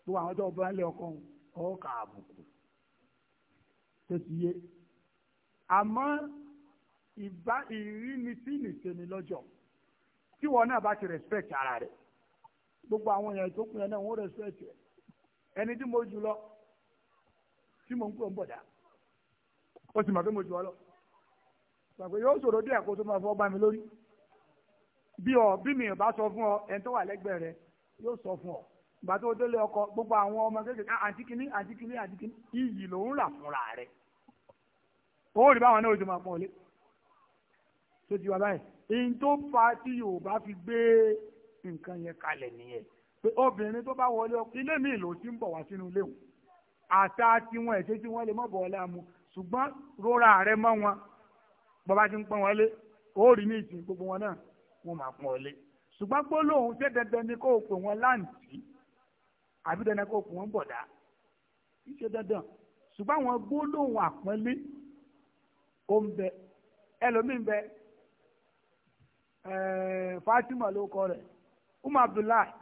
gbogbo àwọn tó bá lé ọkọ ọ̀hún kà á sotie àmọ́ ìbá ìrínisí nìṣẹ́ni lọ́jọ́ tí wọn náà bá ti respect ara rẹ̀ gbogbo àwọn èèyàn tó kún yẹn náà wọ́n respect rẹ̀ ẹni tí mo jù lọ tí mo ń kúrò ń bọ̀ dá ó sì mọ̀ pé mo jù ọ lọ gbàgbé yóò ṣòro díẹ̀ kó tó máa fọ́ bá mi lórí bí ọ bí mi ò bá sọ fún ọ ẹni tó wà lẹ́gbẹ̀ẹ́ rẹ yóò sọ fún ọ ìgbà tó délé ọkọ gbogbo àwọn ọmọ kékeré ah, àǹtí kínní àǹtí kínní àǹtí kínní iyì ló ń rà fúnra rẹ ó rí báwọn náà ó ti máa pọ̀ lé tó ti wá báyìí in tó fa tí yorùbá fi gbé nǹkan yẹn kalẹ̀ nìyẹn pé obìnrin tó bá wọlé ọkọ ilé mi ló ti ń bọ̀ wá sínú ilé wọn àtà tiwọn ẹ̀ṣẹ́ tí wọ́n lè mọ̀ bọ̀ ọ́ láàmú ṣùgbọ́n rora rẹ mọ́ wọn bọ́ba ti ń pọ́n wọn lé ó rí ní ìsìn gbogbo wọn náà wọ́n máa pọ́n ọ lé ṣùgbọ́n gbólóhùn ṣé dandan ni kó pè wọ́n láǹtì àbí dandan kó pè wọ́n bọ̀dá ṣe dandan ṣùgbọ́n àwọn gbólóhùn àpọ́nlé ó ń bẹ ẹlòmíín bẹ Eh, Fatima ló kọ Abdullahi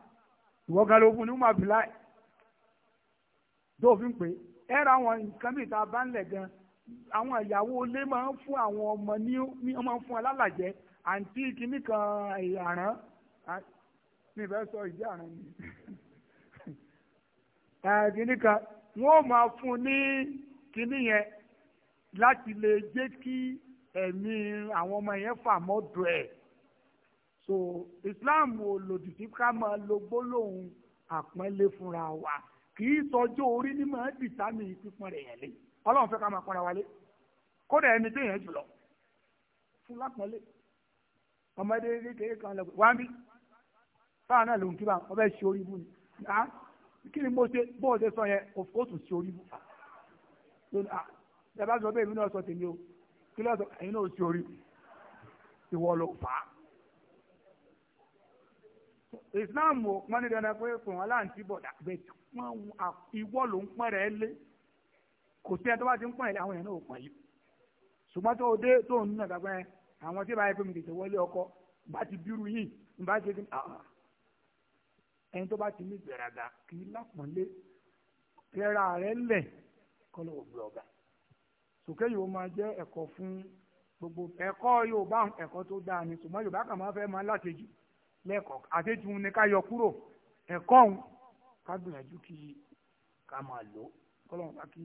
ìwọ ló fún ni Abdullahi dóòfin pé ẹ ra àwọn nǹkan mìíràn tá a bá ń lẹ̀ gan àwọn ìyàwó ilé máa ń fún àwọn ọmọ ní ọmọ fún alálàjẹ àǹtí kìíní kan àrán mi fẹ́ sọ ìdí mi so islam ò lòdì sí ká máa lo gbólóhùn àpọ́nlé fúnra wa kì í sọjọ́ orí ní máa dìtámì pípọ́n rẹ̀ yẹn lé ọlọ́run fẹ́ ká máa pọ́nra wa lé kódà ẹni tó yẹn jùlọ fún lápọ́nlé ọmọdé kékeré kan lọ wá bí fáwọn náà lòun kí bá ọbẹ̀ ṣe orí bú ni kí ni mo ṣe bó o ṣe sọ yẹn o tún ṣe orí bú ẹ bá sọ bẹ́ẹ̀ mi náà sọ tèmi o kí ló sọ ẹ̀yin náà ṣe orí ìwọ ló fà á islam ò pọn ní dandan pé kò wọn láǹtí bọ̀dà bẹ́ẹ̀ wọn ìwọ ló ń pọn rẹ̀ lé kò sí ẹ tó bá ti ń pọn yìí àwọn yẹn náà ò yìí ṣùgbọ́n o dé tó o nínú àgbà àwọn tí bá yẹ fún mi tètè wọlé ọkọ bá ti bírú yìí bá ti ah, ah. ẹni tó bá ti ní gbẹ̀ràgà kì í lápọ̀nlé rẹ́ra rẹ̀ lẹ̀ kọ́ lọ́wọ́ bùrọ̀gà sòkè yìí ó máa jẹ́ ẹ̀kọ́ fún gbogbo ẹ̀kọ́ Yorùbá ẹ̀kọ́ tó dáa ni ṣùgbọ́n Yorùbá kàn máa fẹ́ máa látẹ̀jù lẹ́kọ̀ọ́ àṣejù ni ká yọ kúrò ẹ̀kọ́ òun ká gbìyànjú kí ká máa lò kọ́lọ́n bá kí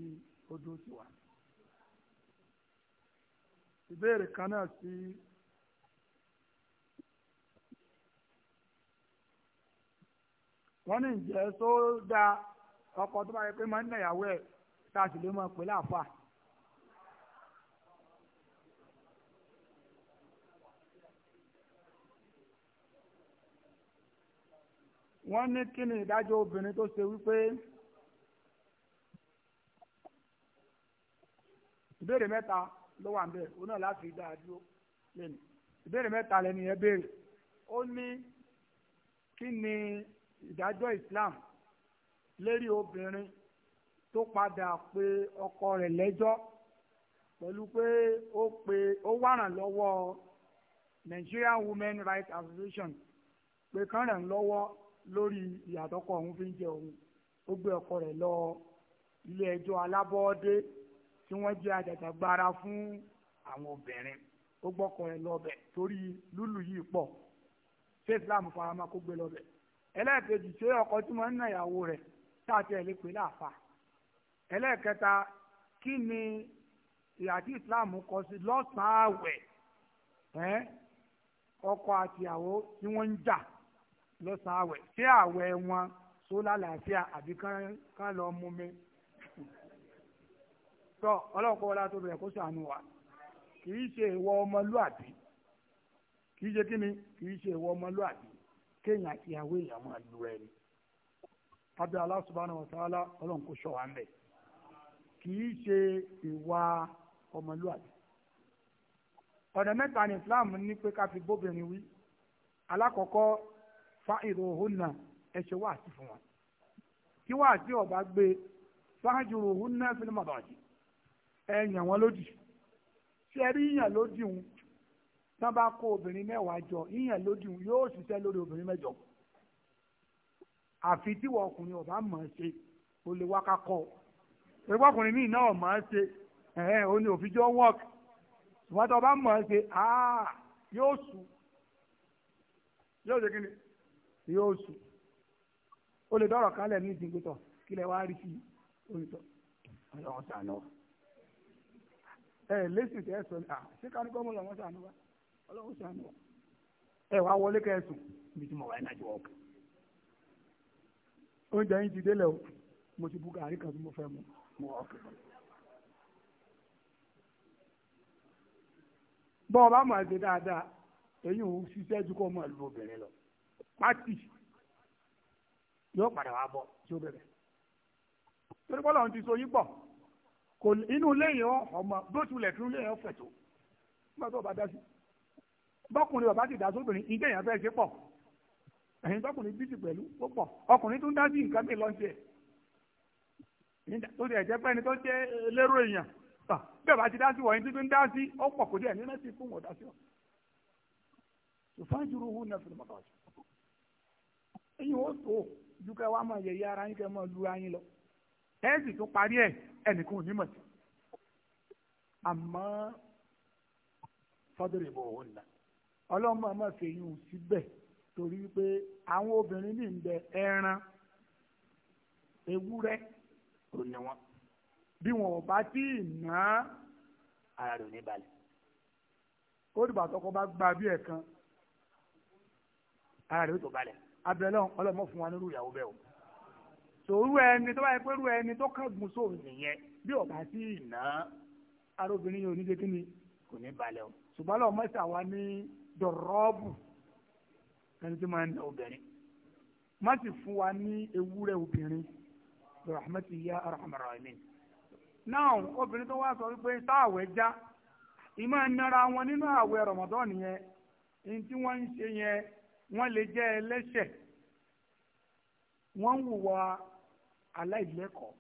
ó dúró sí wa. ìbéèrè kan náà sí. wọ́n ní ìjẹ́ sódà ọkọ̀ tó bá yẹ pé máa ń nà ẹ̀ tá a sì lè máa pè láàfáà. wọ́n ní kí ni ìdájọ́ obìnrin tó ṣe wípé ìbéèrè mẹ́ta ló wà níbẹ̀ òun náà láti dá a dúró lẹ́nu ìbéèrè mẹ́ta lẹ́nu yẹn béèrè ó ní kí ni ìdájọ́ Islam lérí obìnrin tó padà pe ọkọ rẹ̀ lẹ́jọ́ pẹ̀lú pé ó pe ó wàràn lọ́wọ́ Nigerian Women Rights Association pé kán rẹ̀ ń lọ́wọ́ lórí ìyàtọ̀kọ̀ òun fi ń jẹ òun ó gbé ọkọ rẹ̀ lọ ilé ẹjọ́ alábọ́ọ́dé tí wọ́n jẹ́ àjàjàgbara fún àwọn obìnrin ó gbọ́kọ rẹ̀ lọ́bẹ̀ torí lúlù yìí pọ̀ ṣé islam farama kó gbé lọ́bẹ̀ ẹlẹ́ẹ̀kejì ṣé ọkọ tí wọ́n ń nà ìyàwó rẹ̀ táàtì ẹ̀ lè pè láàfà ẹlẹ́ẹ̀kẹta kí ni ìyà tí islam kọ sí lọ́sàn-án àwẹ̀ ọkọ àtìyàwó tí wọ́n ń jà lọ́sàn-án àwẹ̀ ṣé àwẹ̀ wọn tó lálàáfíà àbí kán lọ mú mi. tọ́ ọlọ́kọ̀ wọlé àtúntò rẹ̀ kó sànù wa kì í ṣe ìwọ ọmọlúàbí kì í ṣe kí ni kì í ṣe ìwọ ọmọlúàbí kéèyàn àti ìyàwó èèyàn máa lu ẹni. tàbí Allah subhanahu wa ta'ala kò ṣọ̀ wá ń bẹ̀. kì í ṣe ìwà ọmọlúàbí. ọ̀nà mẹ́ta ni Islam ní pé ká fi bóbìnrin wí. alákọ̀ọ́kọ́ fáìrò òhúnà na ṣe wáàsí fún wọn kí ọba gbé fáàjùrò òhúnà fílímù àbàjì ẹ yàn wọn lódì ṣe rí yàn lódì ń tán bá kó obìnrin mẹ́wàá jọ yíyàn lódì ń yóò ṣiṣẹ́ lórí obìnrin mẹ́jọ àfi tí ọkùnrin ọba mọ̀ ẹ́ o lè ọkùnrin náà mọ̀ ẹ́ ṣe yóò sùn ó lè dọ̀rọ̀ kálẹ̀ ní ìsìnkútọ̀ kí lẹ wá rí sí onítọ̀ ọlọ́run sànù ẹ lẹ́sìn tẹ́ sọ à ṣé kárí kọ́ mọ́ lọ́wọ́ wa ọlọ́run sànù wa ẹ wá wọlé kẹsùn ibi tí mo wà o mo ti bu gàrí kan tí mo fẹ́ mu mo wà ọkẹ́ bọ́ọ̀ bá mọ̀ ẹ́ ṣe dáadáa èyí ò ṣiṣẹ́ pátì yóò padà wá bọ̀ tí ó bẹ̀rẹ̀ torí bọ́lá òun ti so yín pọ̀ kò inú lẹ́yìn ọmọ bó tilẹ̀ tún lẹ́yìn ọ̀fẹ́ tó nígbà tó bá dá bọ́kùnrin bàbá ti dá obìnrin ní kéèyàn fẹ́ ṣe pọ̀ ẹ̀yin bọ́kùnrin bísí pẹ̀lú ó pọ̀ ọkùnrin tún dá nǹkan mi lọ́nṣẹ́ tó ti ẹ̀jẹ̀ pẹ́ni tó jẹ́ lérò èèyàn bẹ́ẹ̀ bá ti dá wọ̀nyí títún dá ó pọ̀ kò dé nínú ti fún wọn dá sí ẹ̀yin ó tó ju kẹ́ wá máa yẹ̀yẹ́ ara yín kẹ́ máa lu ara yín lọ ẹ̀ẹ́dì tó parí ẹ̀ ẹnìkan ò ní mọ̀ sí àmọ́ fọ́dọ̀rẹ̀ bò wọ́n nà ọlọ́mọ ọmọ fèyí ò síbẹ̀ torí pé àwọn obìnrin ní ìbẹ ẹran ewúrẹ́ ò ní wọn bí wọn ò bá tí ì ná ara rẹ̀ ò ní balẹ̀ ó dìbò àtọkọ bá gba bí ẹ̀ kan ara rẹ̀ ó tó balẹ̀. abẹ́lẹ́ ọlọ́mọ fún wa nírú ìyàwó bẹ́ẹ̀ o tòru ẹni tó bá yẹ ẹni tó kángun sóhun nìyẹn bí ọba sí ìná arobìnrin yóò ní kíni kò ní balẹ̀ o ṣùgbọ́n lọ́wọ́ mọ́sá wa ní dọ̀rọ́ọ̀bù ẹni tí máa ń na obìnrin má sì fún wa ní ewúrẹ́ obìnrin rahmatu ya arhamar rahimin náà obìnrin tó wá sọ wípé já ìmọ̀ wọn nínú àwẹ̀ tí wọ́n ń ṣe yẹn wọ́n lè jẹ́ ẹlẹ́ṣẹ̀ wọ́n ń hùwà aláìlẹ́kọ̀ọ́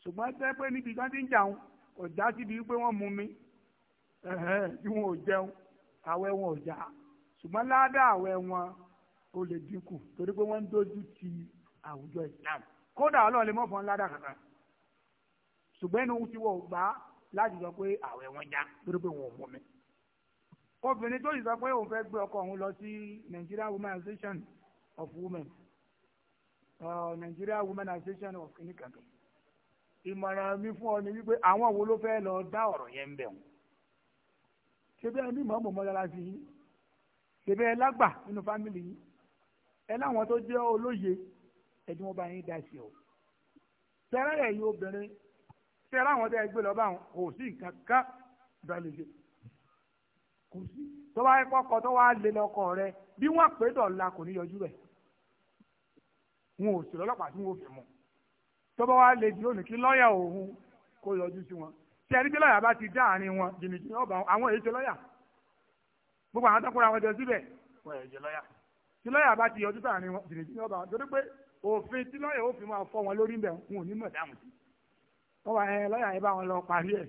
ṣùgbọ́n tẹ́ pé níbi kan ti ń jà wọn kò já síbi wípé wọ́n mú mi bí wọn ò jẹun àwẹ̀ wọn ò já ṣùgbọ́n ládà àwẹ̀ wọn ó lè dínkù torí pé wọ́n ń dojú ti àwùjọ Islam kódà Ọlọ́run lè mọ̀ fún ládà kankan ṣùgbọ́n inú ti wọ̀ gbá láti sọ pé àwẹ̀ wọn já torí pé wọn ò mú mi obìnrin tó yìí sọ pé òun fẹ́ gbé ọkọ òun lọ sí Nigeria Women Association of Women uh, Nigeria Women Association of kìnnìkankan ìmọ̀ràn mi fún ọ ni wípé àwọn wo ló fẹ́ lọ dá ọ̀rọ̀ yẹn ń bẹ̀ wọ́n ṣe bẹ́ẹ̀ ní mọ̀ọ́mọ̀ mọ́lára sí yín ṣe bẹ́ẹ̀ lágbà nínú fámìlì yín ẹ láwọn tó jẹ́ olóye ẹ̀dùn wọn bá yín dá sí o tẹ́rẹ́ ẹ̀yin obìnrin tẹ́rẹ́ àwọn tẹ́ ẹ gbé lọ bá wọn kò sí nǹkan ká ìdálẹ́sẹ̀ kò sí tó bá kọ́ ọkọ tó wá lé lọ́kọ rẹ bí wọ́n pè é dọ̀la kò ní yọjú rẹ̀ wọn ò sì lọ́lọ́pàá tí wọn ò fi mọ̀ tó bá wá lé di òní kí lọ́ọ̀yà òun kó yọjú sí wọn tí ẹni bí lọ́ọ̀yà bá ti dá àárín wọn jìnnìjìnnì ọba àwọn èyí ti lọ́ọ̀yà gbogbo àwọn tọkùnrin àwọn jọ síbẹ̀ wọn èyí ti lọ́ọ̀yà tí lọ́ọ̀yà bá ti yọjú sáàárín wọn jìnnìjìnnì ọba torí pé òfin tí lọ́ọ̀yà ó fi máa fọ wọn lórí ń bẹ̀ wọn ò ní mọ̀ dáàmú sí wọn wà ẹ lọ́ọ̀yà ẹ bá wọn lọ parí ẹ̀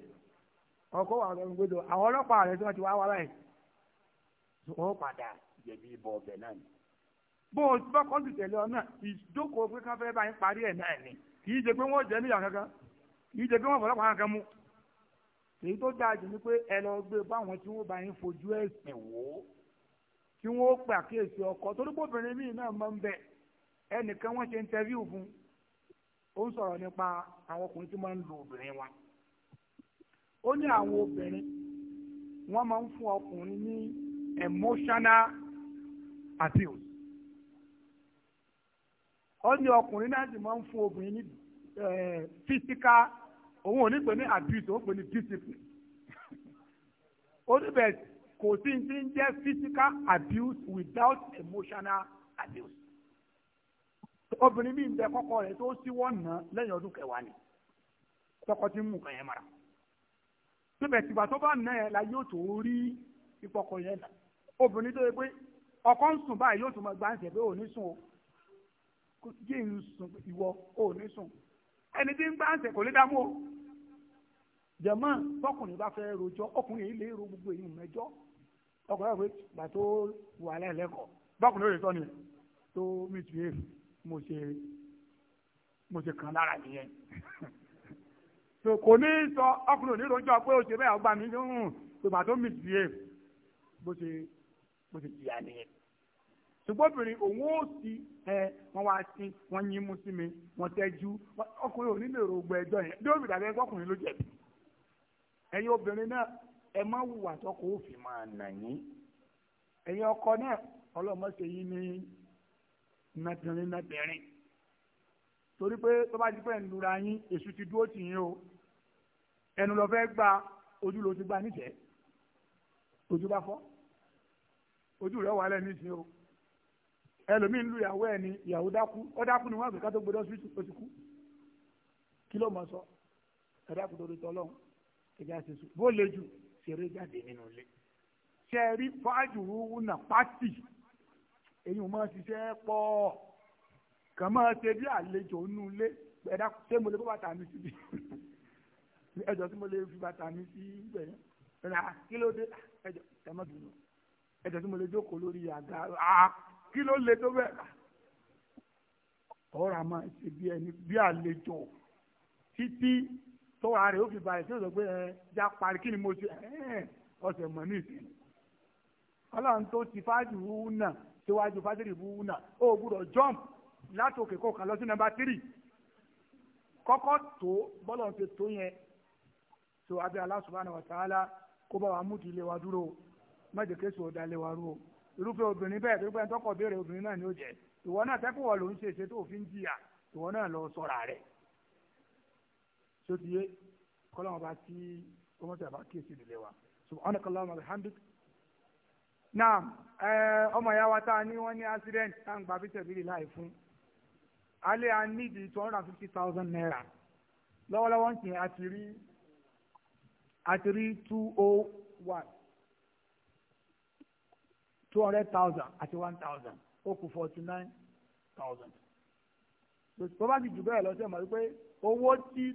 ọkọ wà lọ gbẹdọ àwọn ọlọ́pàá rẹ tí wọn ti wá wá báyìí wọn padà jẹ̀bi ibọ ọbẹ náà ni. bó o bá kọ́ńtù tẹ̀lé ọ náà ìjókòó pé káfẹ́ báyìí parí ẹ̀ náà ni kì í ṣe pé wọ́n jẹ́ níyà kankan kì í ṣe pé wọ́n fọlọ́pàá kankan mú. èyí tó dáa jù ni pé ẹ lọ gbé báwọn tí wọ́n bá yín fojú ẹ̀sìn wò ó tí wọ́n pè àkíyèsí ọkọ torí bóbìnrin míì náà máa ń bẹ ẹnìkan wọ́n ṣe interview fún ó ń sọ̀rọ̀ nípa àwọn ọkùnrin tí máa ń lu obìnrin wọn ó ní àwọn obìnrin wọ́n máa ń fún ọkùnrin ní emotional abuse ó ní ọkùnrin náà sì máa ń fún obìnrin ní eh, physical òun ò ní pè ní abuse òun pè ní discipline ó ní bẹ́ẹ̀ kò sí ní jẹ́ physical abuse without emotional abuse obìnrin bíi ń bẹ kọ́kọ́ rẹ̀ tó síwọ́ nà lẹ́yìn ọdún kẹwàá ni tọkọ ti mú kàn yẹn mara. síbẹ̀ tìgbà tó bá nà ẹ̀ la yóò tó rí ìfọkọ yẹn nà obìnrin tó yẹ pé ọkọ ń sùn báyìí yóò tó máa gbáǹsẹ̀ pé òní sùn o jẹ́ ń sùn ìwọ òní sùn ẹni tí ń gbáǹsẹ̀ kò lè dá mú o jẹ̀mọ́ tọkùnrin bá fẹ́ rojọ́ ọkùnrin yìí lè ro gbogbo èyí mẹ́jọ́ ọkùnrin yóò pé gbà tó wà lẹ́lẹ́kọ̀ọ́ bọ́kùnrin yóò sọ ni tó mi tì mo ṣe mo ṣe kàn lára nìyẹn kò ní sọ ọkùnrin òní rojọ́ pé o ṣe bẹ́ẹ̀ ọgbà mi ń hùn tòmà tó mi tiẹ̀ bó ṣe bó ṣe jìyà nìyẹn ṣùgbọ́n obìnrin òun ó sì ẹ wọ́n wá sí wọ́n yín mú sí mi wọ́n tẹ́jú ọkùnrin òní lè rògbò ẹjọ́ yẹn bí obìnrin àbẹ́gbẹ́ ọkùnrin ló jẹ̀bi ẹ̀yin obìnrin náà ẹ má wùwà tọkọ òfin máa nà yín ẹ̀yin ọkọ náà ọlọ́mọ ṣe yín ní nàbìnrin nàbìnrin torí pé tó bá di pé ń lura yín èṣù ti dúró tì yín o ẹnu lọ fẹ́ gba ojú ló ti gba níjẹ́ ojú bá fọ́ ojú rẹ̀ wà lẹ́nu ìsìn o ẹlòmíín lu ìyàwó ẹ̀ ni ìyàwó dákú ó dákú ni wọ́n àgbẹ̀ ká tó gbọdọ̀ sí oṣù kú kí ló mọ̀ sọ ẹ dákú tó dòtọ́ lọ́hùn ẹ̀jẹ̀ àti sùn bó le jù ṣeré jáde nínú ilé ṣe rí fájùrú nà pátì èyí ò máa ṣiṣẹ́ pọ̀ kàn máa ṣe bí àlejò nínú ilé ẹ̀dá ṣé mo lè kó bàtà mi síbi ẹjọ́ tí mo lè fi bàtà mi sí ibẹ̀ yẹn ah, kí ló dé ah, ẹjọ́ ẹ má bínú ẹjọ́ tí mo lè jókòó lórí àga ah, kí ló lè tó bẹ́ẹ̀ ọ̀rọ̀ àmọ́ ṣe bí ẹni bí àlejò títí tọ́wọ́ rẹ̀ ó fi balẹ̀ tí ó pé ẹ já parí kí ni mo ṣe ọ̀sẹ̀ mọ̀ ní ìsìn ọlọ́run tó ti fájú wúnà síwájú fájú ìbú ó gbúdọ̀ jọ́ǹpù. látòkè kọ̀ọ̀kan lọ sí nọ́mbà tírì kọ́kọ́ tó bọ́lọ̀ ti tó yẹn tó abẹ́ Allah subhanahu wa kó bá wa múdi ilé wa dúró mẹ́jẹ̀kẹ́sì ọ̀dà ilé wa o obìnrin bẹ́ẹ̀ pípẹ́ tọkọ̀ béèrè obìnrin náà ni ó ìwọ náà ló ń ṣe ṣe tó fi ń jìyà ìwọ náà lọ sọ̀rọ̀ sotiye bá àbá a alẹ́ a ní di two hundred and fifty thousand naira lọ́wọ́lọ́wọ́ ń sìn àti rí àti rí two O oh one two hundred thousand àti one thousand ó forty nine thousand tó bá ti jù bẹ́ẹ̀ lọ sí ẹ̀ mọ̀ wípé owó tí